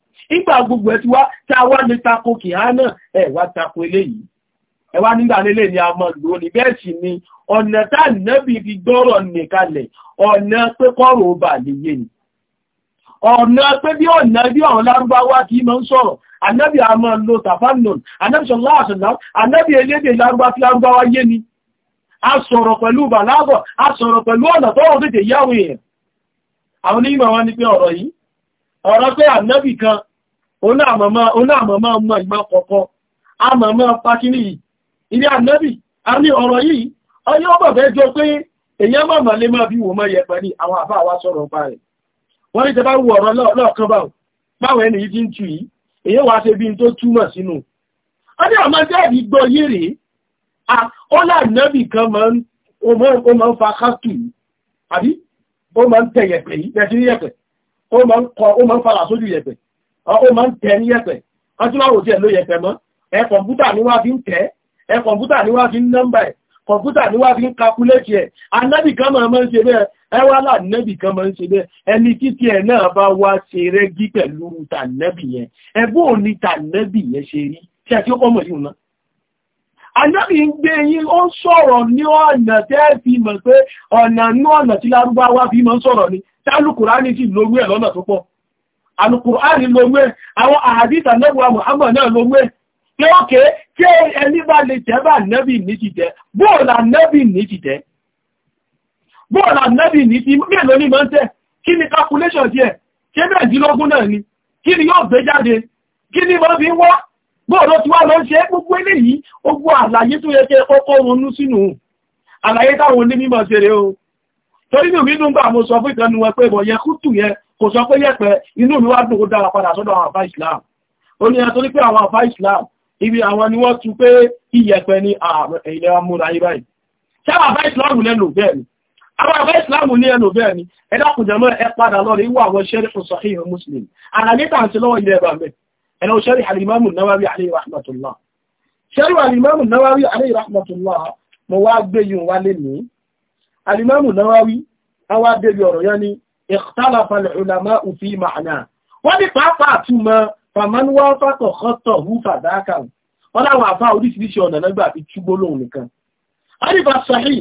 ìgbà gbogbo ẹ̀ ti wá tí a wá ní tako kìá náà ẹ̀ tako eléyìí ẹ nígbà nílé ni a mọ̀ lò ní bẹ́ẹ̀ sì ni ọ̀nà tá nẹ́bí fi gbọ́rọ̀ nìkalẹ̀ ọ̀nà pé kọ́rọ̀ ó bà lè ni ọ̀nà pé bí ọ̀nà bí ọ̀rọ̀ lárúbáwá kì í máa ń sọ̀rọ̀ ànábì a máa lo tàfánùn ànábì sọ̀lá àṣọ̀lá ànábì elédè lárúbá tí lárúbáwá yé ni a sọ̀rọ̀ pẹ̀lú bàlágọ̀ a sọ̀rọ̀ pẹ̀lú ọ̀nà tó wọ́n tètè yáwó àwọn onímọ̀ kan onáàmọ̀mọ́ ọmọ ìgbà kọ̀ọ̀kọ́ àmọ̀mọ́ pàkínì yìí ilé ànẹ́bì a ní ọ̀rọ̀ yìí ọyọ́ bọ̀bẹ̀ jọ pé èyàn mọ̀mọ̀ lè máa bí wò mọ́ yẹpẹ̀ ní àwọn àfá àwá sọ̀rọ̀ pa rẹ̀ wọ́n ní tẹbá wù ọ̀rọ̀ lọ́ọ̀kan báwọn ẹni yìí ti ń tu a ní àmọ́ jẹ́ẹ̀bì gbọ́ yìí rèé ó láàrínẹ́bì kan máa ń fa kásù yìí àbí ó máa ń tẹ ní yẹ̀pẹ̀ wọ́n tún máa wò sí ẹ̀ ló yẹ̀pẹ̀ mọ́ ẹ kọ̀ǹpútà ni wá fi ń tẹ́ ẹ kọ̀ǹpútà ni wá fi ń nọ́mbà ẹ̀ kọ̀ǹpútà ni wá fi ń kakuléètì ẹ̀ anábì kan máa ń ṣe bẹ́ẹ̀ ẹ wá là nẹ́bì kan máa ń ṣe bẹ́ẹ̀ ẹni títí ẹ̀ náà bá wá ṣe rẹ́gí pẹ̀lú tànẹ́bì yẹn ẹ̀bùn òní tànẹ́bì yẹn ṣe rí tí àti ó kọ́ mọ̀ yìí náà Ànábì ń gbé yín ó sọ̀rọ̀ ní ọ̀nà tẹ́ fi mọ̀ pé ọ̀nà ní ọ̀nà tí Lárúbáwá fi mọ́ sọ̀rọ̀ ni, tálùkùrá ní sí lórú ẹ̀ lọ́nà tó pọ̀. alùkùránì ló àwọn àhàdìtà lọ́wọ́ Muhammad náà ló gbé pé ókè tí ẹni bá lè jẹ́ bá nẹ́bì ní ti bóòlà nẹ́bì ní ti bóòlà nẹ́bì ní ti mélòó ní máa ń tẹ́ kí ni calculation díẹ̀ náà ni kí ni yóò gbé jáde kí ni wọ́n fi wá bóòlò tí lọ ṣe gbogbo eléyìí àlàyé tó yẹ kẹ́ o torí mi ò mo sọ fún wọn pé bọ̀ yẹ kútù yẹn kò sọ pé yẹ̀pẹ̀ inú mi wá dùn kó dára padà sọ́dọ̀ àwọn àfá Islam ó ní ẹni tó ní pé àwọn àfá Islam ibi àwọn ni wọ́n tún pé iyẹ̀pẹ̀ ní ilẹ̀ amúra ayé báyìí sáwọn àfá Islam lẹ́nu bẹ́ẹ̀ ni àwọn àfá Islam ní ẹnu bẹ́ẹ̀ ni ẹ dákun jẹ́ mọ́ ẹ padà lọ rí wà wọn ṣẹ́rí fún Sahih Muslim àlàyé tà ń sí lọ́wọ́ ilẹ̀ ẹ̀bà mẹ́ ẹ̀nà ṣẹ́rí ikhtalafa al-ulama'u fi ma'na wọ́n ní pàápàá àtúmọ̀ fàmánúwá fàkọ̀ kọ́tọ̀ hù fàdákà wọ́n láwọn àfá oríṣiríṣi ọ̀nà lọ́gbà àti túgbó lóhun nìkan. ọdíbà sọ̀rí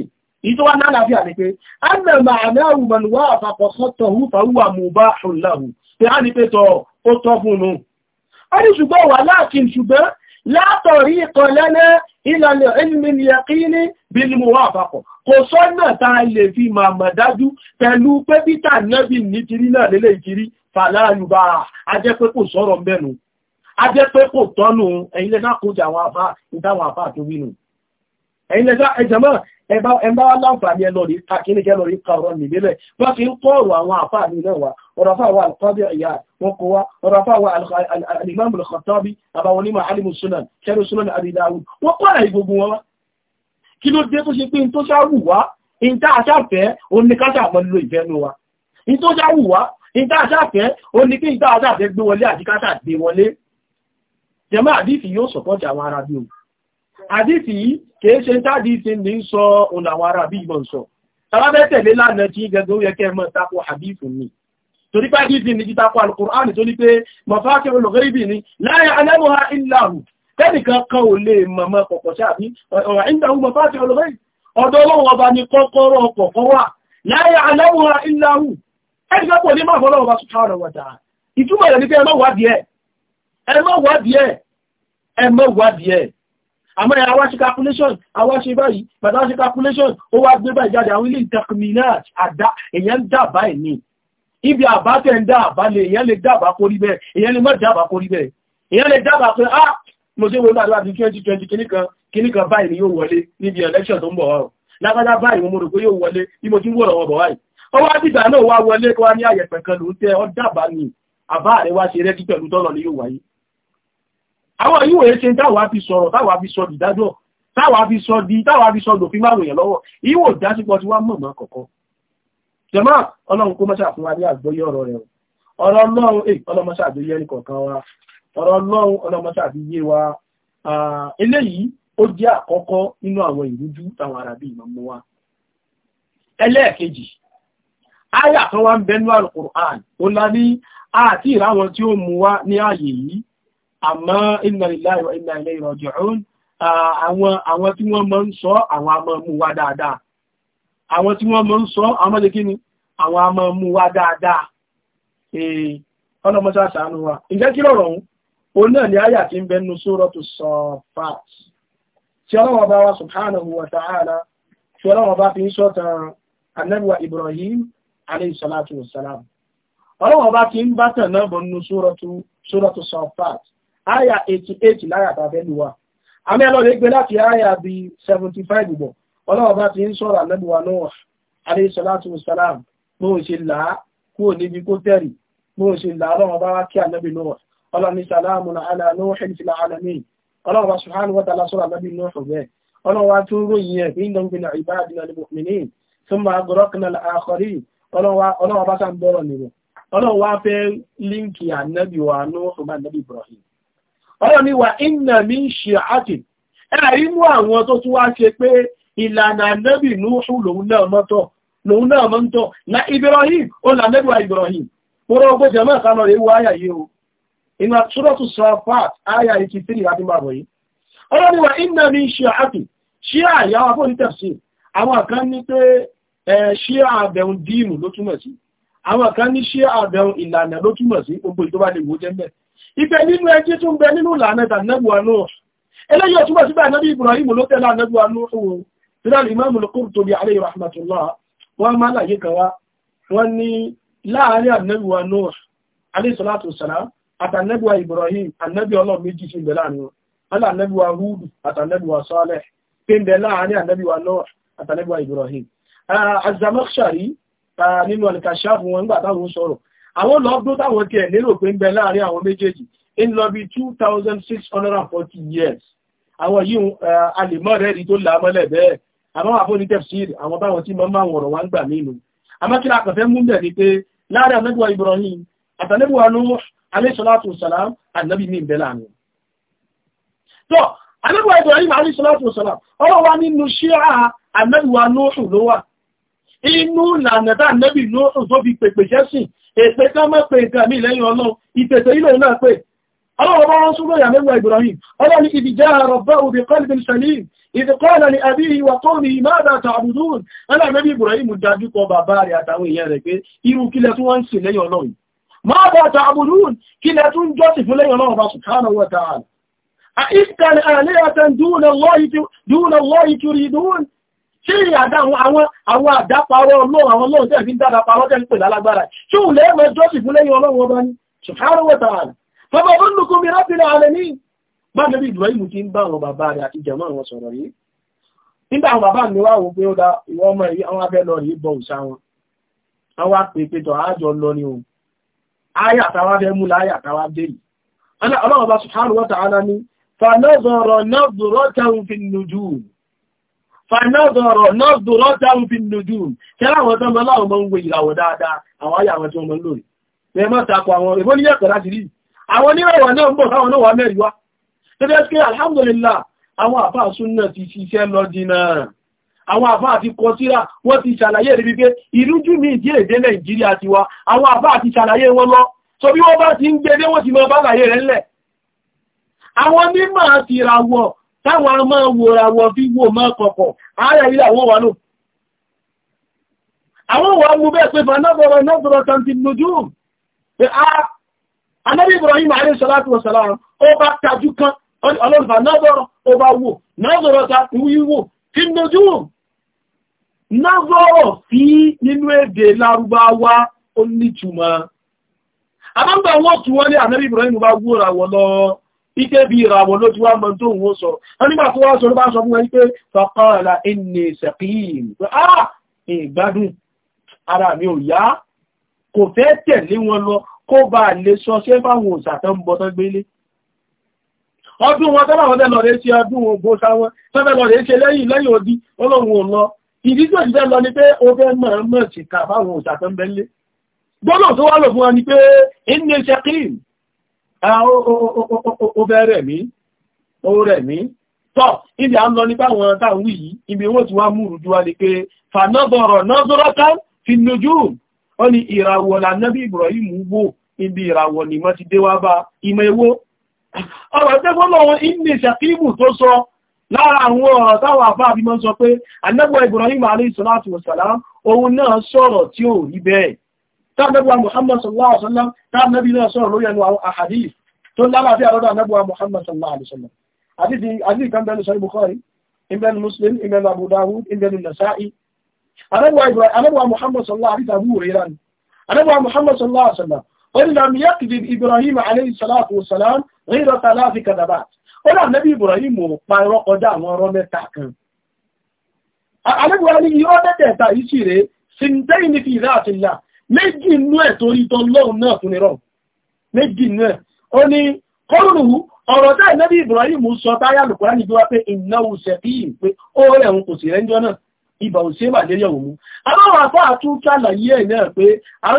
èyí tó wá lálàáfíà ní pé anna ma'ana umanuwa àfàkọ̀ kọ́tọ̀ hù fàwúwà mú bá ṣùláhù pé a ní pé tọ́ ó tọ́ fún un. ọdí ṣùgbọ́n wà láàkín ṣùgbọ́n látọ̀rí ìkọlẹ́lẹ́ ìlànà ilmi yaqini bí ní mo wá àpapọ̀ kò sọ́nà tá a lè fi màmà dájú pẹ̀lú pé bítà nẹ́bì ní kiri náà lélẹ̀ ìkiri fàlàyùbá ajẹ́ pé kò sọ̀rọ̀ mẹ́nu ajẹ́ pé kò tọ́nu ẹ̀yin lẹ́dá kó jà àwọn àfá ìdáwọn àfá tó wínú ẹ̀yin lẹ́dá ẹjẹ̀mọ́ ẹ̀bá wá láǹfààní ẹlọ́rí kàkíníkẹ́ lọ́rí kàrọ̀ wa alqadi ìyá wọn kò wá ọ̀rọ̀ àfá wa alimami al-Khattabi àbáwọn kí ló dé tó ṣe pé in tó ṣáwù wá in tá àṣàfẹ́ òun ni káṣà mọ́ nílò ìfẹ́nu wa in tó ṣáwù wá in tá àṣàfẹ́ òun ni pé in tá àṣàfẹ́ gbé wọlé àti káṣà gbé wọlé jẹmọ́ àdífì yóò sọ̀pọ̀tì àwọn ará bí o àdífì kìí ṣe tádìí ti ní sọ òun àwọn ará bí ìbọn sọ tàbábẹ́ tẹ̀lé lánàá tí gẹ́gẹ́ ó yẹ kẹ́ mọ́ tako àdífì mi torí pé ni jítakọ alukur'an tó ní pé mọ̀fáàkì olùgbé ìbì ni láyé alẹ́mọ̀ha ìlàrù tẹ́nìkan kan ò lè mọ̀mọ́ kọ̀kọ̀ sáàbí ọ̀rọ̀ ìdáhùn mọ̀ fáti ọlọ́rẹ́ ọ̀dọ̀ ọlọ́run ọba ni kọ́kọ́rọ́ ọkọ̀kọ́ wà láyé aláwọ̀ra ìlàhù ẹgbẹ́pọ̀ ní máa fọ́lọ́wọ́ bá sùkárọ̀ wàtà ìtumọ̀ rẹ̀ ní pé ẹmọ́ wádìí ẹ̀ ẹmọ́ wádìí ẹ̀ ẹmọ́ wádìí ẹ̀ ibi àbá ń dá àbá lè èèyàn lè dábàá bẹ́ẹ̀ èèyàn lè má dábàá kórí bẹ́ẹ̀ èèyàn lè dábàá pé ah mo ṣe wo láti 2020 kìníkan kìníkan báyìí ni yóò wọlé níbi election tó ń bọ̀ wá o lágbádá báyìí mo rò pé yóò wọlé bí mo ti ń wọ̀rọ̀ wọn bọ̀ wáyìí ọwọ́ àdìgbà náà wá wọlé a ní àyẹ̀pẹ̀ kan ló ń ọ dábàá ni àbá rẹ̀ wá ṣe rẹ́kí pẹ̀lú ni yóò wáyé àwọn yíò ṣe fi sọ fi sọ di sọ lòfin lọ́wọ́ dásípọ̀ wá kọ̀kọ́ ọlọ́run kó fún wa ní ọ̀rọ̀ rẹ̀ ọ̀rọ̀ ọlọ́run eh, kọ̀ọ̀kan wa ọ̀rọ̀ ọlọ́run ọlọ́mọṣà àti yé wa eléyìí ó jẹ́ àkọ́kọ́ nínú àwọn ìrújú àwọn àràbí ìmọ̀mọ́ wa ẹlẹ́ẹ̀kejì áyà kan wá ń bẹnu alukur'an ó la àti ìràwọn tí ó mú wá ní ààyè yìí àmọ́ àwọn tí wọ́n mọ́ ń sọ àwọn àmọ́ mú dáadáa sàánú wa lọ́rọ̀ ọ̀hún o náà ni àyà tí ń bẹ nínú Suratu Saffat tí ọlọ́wọ́ bá wa subhanahu wa ta'ala tí ọlọ́wọ́ bá fi ń sọ́tàn anẹ́bùwà Ibrahim alayhi salatu bá ti ń bá tàn náà bọ̀ nínú Suratu Saffat àyà 88 láyà tàbẹ́ lùwà àmì ẹlọ́rẹ̀ gbé láti àyà bí 75 bọ̀ ọlọ́wọ́ bá ti ń sọ̀rọ̀ anẹ́bùwà Nuh alayhi salatu wa salam bó ṣe là á kúrò níbi kó tẹ̀rì ọlọ́ni sàlámù àlà nóòhìn fìlà àlàmì ọlọ́wà sùhánù wọ́ta lásọ́rọ̀ àbábí nóòhùn bẹ́ẹ̀ ọlọ́wà tó ròyìn ẹ̀ fi ń dán gbìnà ìbáàdì náà lébò mìíní tó máa gọ́rọ́kìnà àkọrí ọlọ́wà bá sàn bọ́rọ̀ nìyẹn ọlọ́wà fẹ́ líǹkì ànábì wa nóòhùn bá nàbì Ibrahim ọlọ́ni wa iná mi ń ṣe àti ẹ̀rí mú àwọn tó tún wá ṣe pé ìlànà ànábì nóòhùn lòun náà mọ́tọ̀ lòun na Ibrahim ó là wa Ibrahim mo rọ́ gbọ́jọ́ mọ́ inú àtúrọ̀tù sọ́fàt àyà ìtì tírì àti márùn yìí ọlọ́niwà iná ní ṣíà àti ṣíà yàwà fún ìtẹ̀sí àwọn kan ní pé ṣíà àbẹ̀un dínù ló túmọ̀ sí àwọn kan ní ṣíà àbẹ̀un ìlànà ló túmọ̀ sí gbogbo ìjọba lè wó jẹ́ mẹ́ ibẹ̀ nínú ẹjí tún bẹ nínú ìlànà ìtànẹ́bùwà náà eléyìí ó túmọ̀ sí bá ànábì Ibrahim ló tẹ̀lé ànábùwà náà kan wá wọ́n ní láàárín ànábìwà náà alayhi salatu wassalam àtànẹ́bíwa Ibrahim ànẹ́bí ọlọ́run méjì sí ìbẹ̀ láàrin wọn alá ànẹ́bíwa Hud àtànẹ́bíwa Saleh pé ń bẹ láàrin ànẹ́bíwa Noah àtànẹ́bíwa Ibrahim Az-Zamakhshari nínú al-Kashaf wọn nígbà táwọn sọ̀rọ̀ àwọn lọ́gbọ́n táwọn tiẹ̀ lérò pé ń bẹ láàrin àwọn méjèèjì in lọ bí two thousand six hundred and forty years àwọn yìí alèmọ́ rẹ̀ rí tó làmọ́lẹ̀ bẹ́ẹ̀ àmọ́ àfóní tẹ̀fsíìrì àwọn báwọn tí mọ́ máa wọ̀rọ̀ wá ń gbà nínú àmọ́ kí lákọ̀fẹ́ mú bẹ̀ ni pé láàrin ànẹ́bíwa Ibrahim àtànẹ́bíwa Noah aléṣọ́látù sàlám ànábì ní ìbẹ̀lá ni tó anábìwá Ibrahim aléṣọ́látù sàlám ọ̀rọ̀ wa nínú ṣíà ànábìwá lóòrùn ló wà inú lànàdá ànábì lóòrùn tó fi pèpè jẹ́sìn èpè ká mọ́ pé nǹkan mi lẹ́yìn ọlọ́run ìpèsè ilẹ̀ náà pé ọlọ́run bá wọ́n súnmọ́ ìyàmẹ́wà Ibrahim ọlọ́run ibi قال لأبيه وقومه ماذا تعبدون أنا نبي إبراهيم dájú kọ bàbá rẹ̀ àtàwọn èèyàn rẹ̀ pé irú kí lẹ tún ń sìn lẹ́yìn ọlọ́run máa bá ta'budun kí lẹ tún jọ́sìn fún lẹ́yìn ọlọ́run bá subhanahu wa ta'ala a iskan aliyatan dúnà lọ́yí turidun ṣí àdáhùn àwọn àwọn àdáparọ́ ọlọ́run àwọn ọlọ́run tẹ́ fi ń dára parọ́ tẹ́ ń pè lálágbára ṣí ò lẹ́ mọ́ jọ́sìn fún lẹ́yìn ọlọ́run ọba ní subhanahu wa ta'ala bàbá olùkọ́ mi rabbil alamin bá nàbí ìdúrà ti ń àwọn bàbá tọ̀ àjọ lọ ni òun áyà tàwa fẹ́ mú láyà tàwa dé yìí ọlọ́run bá subhanahu wa ta'ala ní fanazọ̀rọ̀ nazaratan fin nujum fanazọ̀rọ̀ nazaratan fin nujum kẹ́lá àwọn tó mọ́ láwọn mọ́ ń wo ìràwọ̀ dáadáa àwọn ayà àwọn tí wọ́n àwọn àbá àti kọtíra wọ́n ti ṣàlàyé rí wípé ìrújú ní ìdí èdè nàìjíríà ti wa àwọn àbá àti ṣàlàyé wọn lọ so bí wọ́n bá ti ń gbé dé wọ́n ti mọ bálàyé rẹ̀ ńlẹ̀ àwọn mímọ̀ àti ìràwọ̀ táwọn ọmọ wòràwọ̀ fi wò mọ́ kọ̀kọ̀ ààrẹ ilé àwọn wà lò àwọn wà mú bẹ́ẹ̀ pé fanábọ̀rọ̀ náà tàbí lójú pé a ah, anábí Ibrahim alayhi salatu wa salam ó bá tajú kan ọlọ́rùn fanábọ̀rọ̀ ó bá wò náà Názọ́rọ̀ sí nínú èdè Lárúbáwá ó nítumọ̀. Àbámbà wọ́n tún wọ́n ní Ànábì Ibrahim bá gbóra wọ lọ, ike bí ìràwọ̀ ló ti wá mọ́ tó wọ́n sọ. Wọ́n nígbà tó wá sọ ló bá sọ fún wọn Ah! Ìgbádùn, ara mi ò yá, kò fẹ́ tẹ̀lé wọn lọ, kó bá lè sọ ṣé fáwọn òṣàtàn bọ́tán gbélé ọdún wọn tọ́lá wọn lẹ́lọ rẹ̀ ṣe ọdún ògbó sáwọn tọ́lá lọ rẹ̀ ṣe lẹ́yìn lẹ́yìn odi ọlọ́run ò lọ ìdí ìjẹ́ lọ ni pé ó fẹ́ mọ̀ mọ̀ sí ká fáwọn òṣàtọ́ ń bẹ́lé gbọ́nà tó wá lò fún wa ni pé inú iṣẹ́ clean ó fẹ́ rẹ̀ mí ó rẹ̀ mí tọ́ ibi à ń lọ nípa àwọn táwọn wí yìí ibi owó tí wá múrù jù wá ni pé fanọ́bọ̀rọ̀ nọ́zọ́rọ́ká fi lára àwọn ọ̀rọ̀ táwọn àfáà bí mọ́ sọ pé anẹ́gbọ́ Ibrahim alayhi salatu wasalam òun náà sọ̀rọ̀ tí ò rí bẹ́ẹ̀ tábẹ́gbà Muhammad sallallahu alaihi wasallam tábẹ́bí náà sọ̀rọ̀ lórí ẹnu àwọn ahadith tó lálàáfíà lọ́dọ̀ anẹ́gbà Muhammad sallallahu alaihi wasallam àdíjì kan bẹ́ẹ̀ sọ Bukhari ibn Muslim ibn Abu Dawud ibn Nasa'i anẹ́gbà Muhammad sallallahu alaihi wasallam anẹ́gbà Muhammad sallallahu alaihi wasallam ó dà nẹ́bí Ibrahim ò pa irọ́ kọjá àwọn kan alẹ́gbẹ̀rẹ̀ ní irọ́ mẹ́tẹ̀ẹ̀ta yìí sì rèé sìntẹ́yìn ní fi ìrẹ́ àti ìlà méjì inú ẹ̀ torí tọ́lọ́run náà fún irọ́ méjì inú ẹ̀ ó ní kọ́rùnù ọ̀rọ̀ tẹ́ nẹ́bí sọ táyà lùkúrá níbi wá pé ìnáwó pé ó rẹ̀ ń kò sí lérí ọ̀hún àtúntà làyé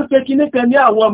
pe kíníkan ní àwọn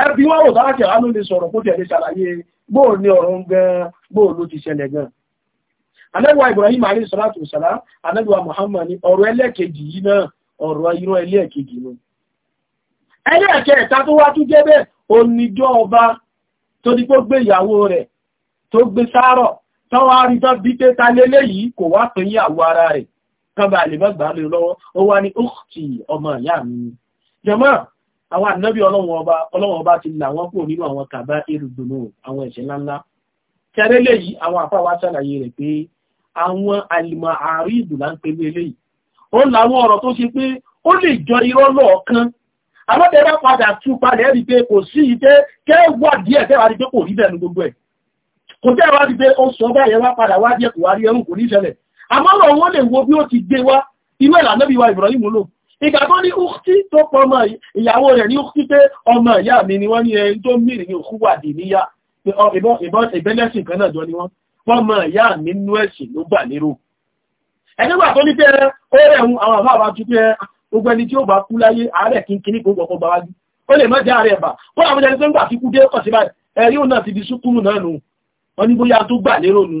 ẹbí wọ́n òtà àti àánú lè sọ̀rọ̀ kó tẹ̀lé ṣàlàyé bóò ní ọ̀rọ̀ gan bóò ló ti ṣẹlẹ̀ gan Ibrahim Ali salatu anẹ́wà Muhammad ni ọ̀rọ̀ ẹlẹ́ẹ̀kejì yìí náà ọ̀rọ̀ irọ́ ẹlẹ́ẹ̀kejì ni ẹlẹ́ẹ̀kẹta tó wá tún débẹ̀ ọba tó ní kó gbé ìyàwó rẹ̀ tó gbé tọ́wọ́ bí pé ta lélẹ́ ara rẹ̀ lọ́wọ́ ó wá ọmọ ìyá mi àwọn ànábì ọlọ́wọ̀n ọba ti là wọ́n kúrò nínú àwọn kàbá erùgbòmò àwọn ẹ̀ṣẹ̀ ńláńlá tẹ́rẹ́ lèyí àwọn àfáwà ṣàlàyé rẹ̀ pé àwọn àlìmọ̀ àárí ìdù là ń pè ní eléyìí ó làwọn ọ̀rọ̀ tó ṣe pé ó lè jọ irọ́ lọ́ọ̀kan àmọ́tẹ́rẹ́ padà tú palẹ̀ rí pé kò sí ìdẹ́ kẹ́wọ́ díẹ̀ tẹ́wà rí pé kò rí bẹ̀rù gbogbo ẹ̀ kò tẹ́wà rí pé ó sọ bẹ́ẹ̀ wá padà wá díẹ̀ kò wá rí ẹrù kò ní ìṣẹ̀lẹ̀ àmọ́ ọ̀rọ̀ wọn lè wo bí ó ti gbé wá irú ẹ̀ lànà bí wa Ibrahim lò ìgbàgbọ́ ní ukti tó pọ̀ ọmọ ìyàwó rẹ̀ ní ukti pé ọmọ ìyá mi ni wọ́n ní ẹni tó mìíràn ní òkú wà níyà ìbẹ́lẹ́sìn kan náà jọ ni wọ́n fọ́mọ ìyá mi nú ẹ̀sìn ló gbà lérò ẹnigbà tó ní pé ó rẹ̀hun àwọn àbá àbá tún pé gbogbo ẹni tí ó bá kú láyé ààrẹ kínkíní kò gbọ̀kọ́ gbà wájú ó lè mọ́jẹ́ ààrẹ ẹ̀bà ó àwọn ẹni tó ń gbà fi kú dé ọ̀sẹ̀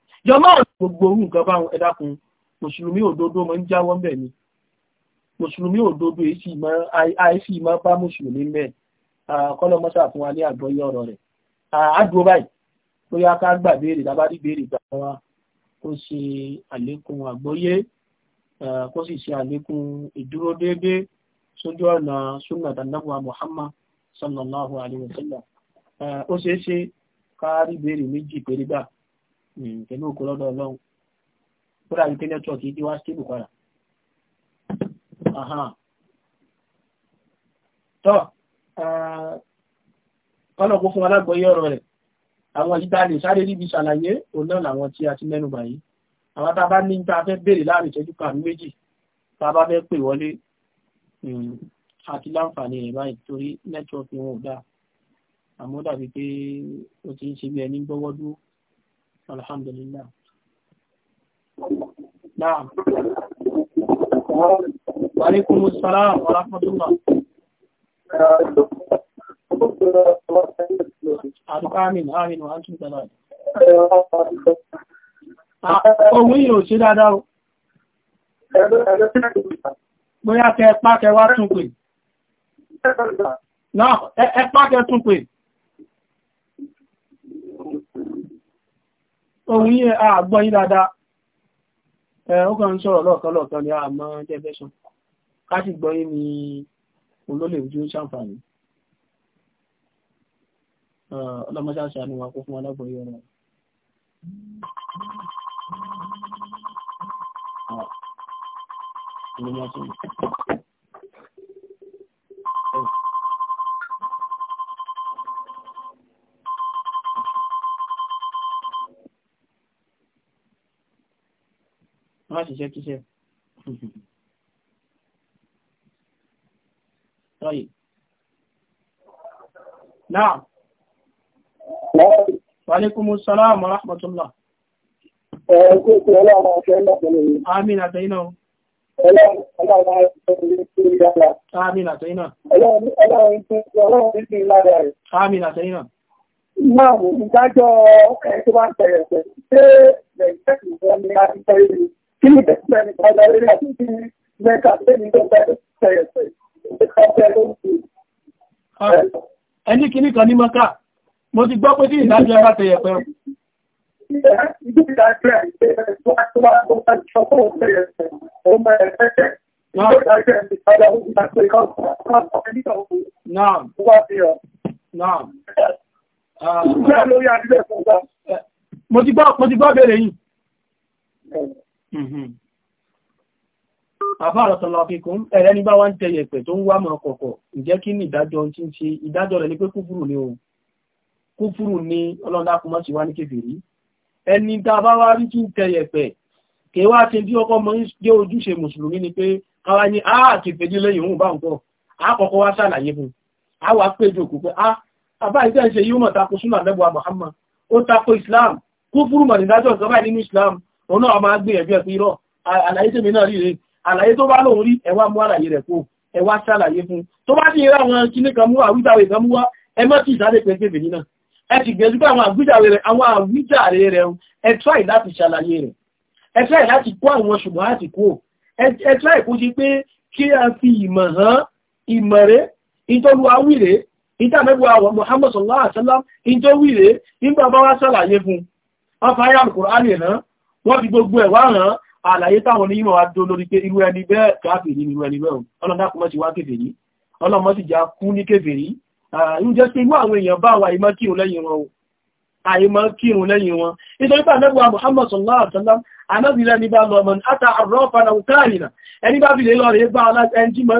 jọmọ́ gbogbo orú nǹkan báwọn ẹ dákun mùsùlùmí òdodo máa ń jáwọ́ mbẹ̀ ni mùsùlùmí òdodo àìsí máa bá mùsùlùmí mbẹ̀ kọ́lọ́mọ́sà fún wa ní àgbọ́yé ọ̀rọ̀ rẹ̀ àádùn báyìí bóyá ká gbà béèrè lábárí béèrè gbà wá kó ṣe àlékún àgbọ́yé kó sì ṣe àlékún ìdúró déédéé sójú ọ̀nà sunnah tànàbùwà Muhammad sallallahu alayhi wa sallam ó ṣeé ṣe ká rí béèrè méjì péré báà pẹ̀lú òkú lọ́dọ̀ ọlọ́run kódà wípé nẹ́tíwọ̀kì yìí wá stable padà. tọ́ kọ́nà kó fún alágbọ̀yé ọ̀rọ̀ rẹ̀ àwọn ìta lè sáré níbi ṣàlàyé òun náà làwọn a ti mẹ́nubà yìí àwọn a bá ní tá a fẹ́ béèrè láàrin ìṣẹ́jú a bá fẹ́ pè wọlé àti hmm, láǹfààní rẹ̀ báyìí torí nẹ́tíwọ̀kì wọn ò dáa àmọ́ dàbí pé ó ti ń ṣe bí ẹni gbọ́wọ́ الحمد لله نعم وعليكم السلام ورحمة الله آمين آمين وأنتم كذلك Òun ṣe dáadáa o. Bóyá kẹ ẹpá kẹ wá tún pè. Náà ẹpá kẹ tún pè. ohun yẹ àgbọ́ yí dáadáa ó kàn ń sọ̀rọ̀ lọ́ọ̀kọ́lọ́ọ̀kọ́ ni a mọ́ jẹ́bẹ́sùn káàkiri gbọ́ yí ni olólè ojú ń ṣàǹfààní ọlọ́mọṣáṣá ni wà kó fún aláboyé ọ̀rọ̀ Thank you. má ṣiṣẹ́ kíṣẹ́ sọ́yì náà wàlékúmù sọ́láàmù rahmatullah ẹ̀kùn ìpínlẹ̀ ọmọ ọ̀fẹ́ lọ́pẹ̀lẹ̀ àmì àtẹ́yìnà Àmì àtẹ́yìnà. Àmì àtẹ́yìnà Máàmù ìdájọ́ ẹ̀ tó bá tẹ̀rẹ̀ tẹ̀ kí ah, ni bẹ́ẹ̀ oh ah. eh, ni padà lórí àti kí ni mẹ́ta bẹ́ẹ̀ ni tó bẹ́ẹ̀ tẹ̀yẹ̀ tẹ̀yẹ̀ ẹni kìíní kan ní mọ́ká mo ti gbọ́ pé tí ìdájọ́ ẹ̀rá tẹ̀yẹ̀ pẹ́ Naam. Naam. Mo ti gbọ́ bẹ̀rẹ̀ yìí. Mhm. àfáàrọ̀ tọ́lọ́ kíkún ẹrẹ ní bá wá ń tẹ yẹ̀pẹ̀ tó ń wá mọ̀ kọ̀kọ̀ ǹjẹ́ kí ní ìdájọ́ tí ń ṣe ìdájọ́ rẹ̀ ní pé ni ọlọ́dá wá ní ẹni tá a bá wá rí tí ń kí wá ti bí ọkọ̀ mọ́ jẹ́ ojúṣe mùsùlùmí ni pé káwá ní a lẹ́yìn òun bá ń a kọ́kọ́ wá ṣàlàyé fún a wá pé òun náà máa gbìyànjú ẹ̀fún irọ́ àlàyé tèmi náà rí rẹ̀ àlàyé tó bá lòun rí ẹwà mú àlàyé rẹ̀ kó ẹwà ṣàlàyé fún tó bá ti rá àwọn kíní kan mú àwíjàre kan mú wá ẹ mọ́ tí ìsáré pẹ̀lú èmi náà ẹ ti gbẹ̀jú pé àwọn àwíjàre rẹ̀ àwọn àwíjàre rẹ̀ ẹ tíráì láti ṣàlàyé rẹ̀ ẹ tíráì láti wọ́n ti gbogbo ẹ̀ wá rán àlàyé táwọn onímọ̀ wa dó lórí pé irú ẹni bẹ́ẹ̀ káfìrí irú ẹni bẹ́ẹ̀ ọlọ́dàkùnmọ́ ti wá kèfèrí ọlọ́mọ́ ti já kú ní kèfèrí ìjọ sí inú àwọn èèyàn bá wà ìmọ̀ kírun lẹ́yìn wọn àìmọ̀ kírun ata àrọ́fà náà kárìnà ẹni bá fi lè lọ rẹ̀ bá ọlá ẹni tí mọ̀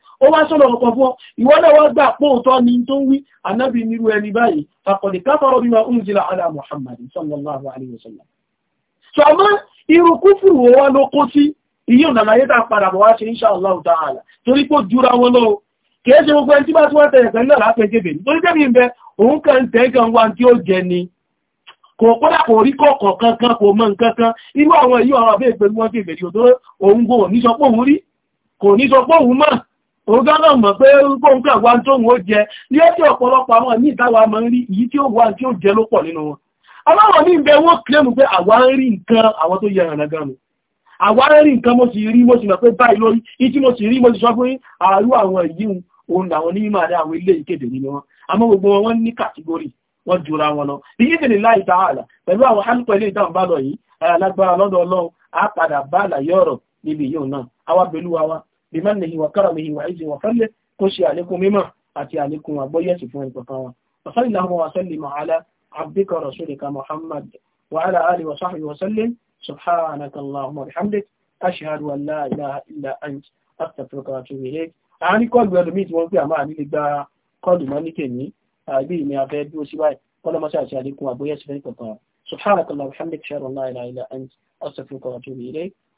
ó wá sọ́lọ̀ ọ̀pọ̀ fún ọ ìwọ náà wá gbà pòótọ́ ni tó ń wí anábì nírú ẹni báyìí faqad kafara bima unzila ala muhammadin sallallahu alayhi wa wọn ló kó sí iye Allah ta'ala torí pé jura wọn lọ́wọ́ kìí ṣe gbogbo ẹni tí bá tí wọ́n tẹ̀yẹ̀ pẹ̀lú ọ̀rá pẹ̀jẹ̀bẹ̀ ni kò kódà kò rí kọ̀ọ̀kọ̀ kankan kò mọ̀ nǹkankan irú àwọn èyí ọ̀rọ̀ àbẹ́ ìpẹ̀lú wọn ti ìbẹ̀rẹ̀ òdó òun gbò ní sọ òun rí kò ní sọ òun mọ̀ oge gánà mọ̀ pé gbóhùn pé àwọn tó ń jẹ ní ọjọ́ ọ̀pọ̀lọpọ̀ àwọn ní ìdáwà máa ń rí èyí tí ó wà tí ó jẹ ló pọ̀ nínú wọn aláwọ̀ ní ìbẹ̀ wọ́n kílẹ̀mù pé àwa ń rí nǹkan àwọn tó yẹ ẹ̀rànà gánu àwa ń rí nǹkan mo sì rí mo sì mọ̀ pé báyìí lórí ìtí mo sì rí mo sì sọ pé àrú àwọn wọn àmọ́ gbogbo wọn wọ́n ní kàtígórì wọ́n jura wọn lọ bí láì pẹ̀lú àwọn ilé bá lọ yìí alágbára lọ́dọ̀ ọlọ́run بمنه وكرمه وعزه وفضله قشي عليكم مما أتي عليكم أبوية سفوان بقاوة وصلى الله وسلم على عبدك ورسولك محمد وعلى آله وصحبه وسلم سبحانك اللهم وبحمدك أشهد أن لا إله إلا أنت أستغفرك وأتوب إليك أعني كل بلميت وفي أما أني لك قد ما نكني أبي ما أفيد وسباي ولا ما سأتي عليكم أبوية سفوان بقاوة سبحانك اللهم وبحمدك أشهد أن لا إله إلا أنت أستغفرك وأتوب إليك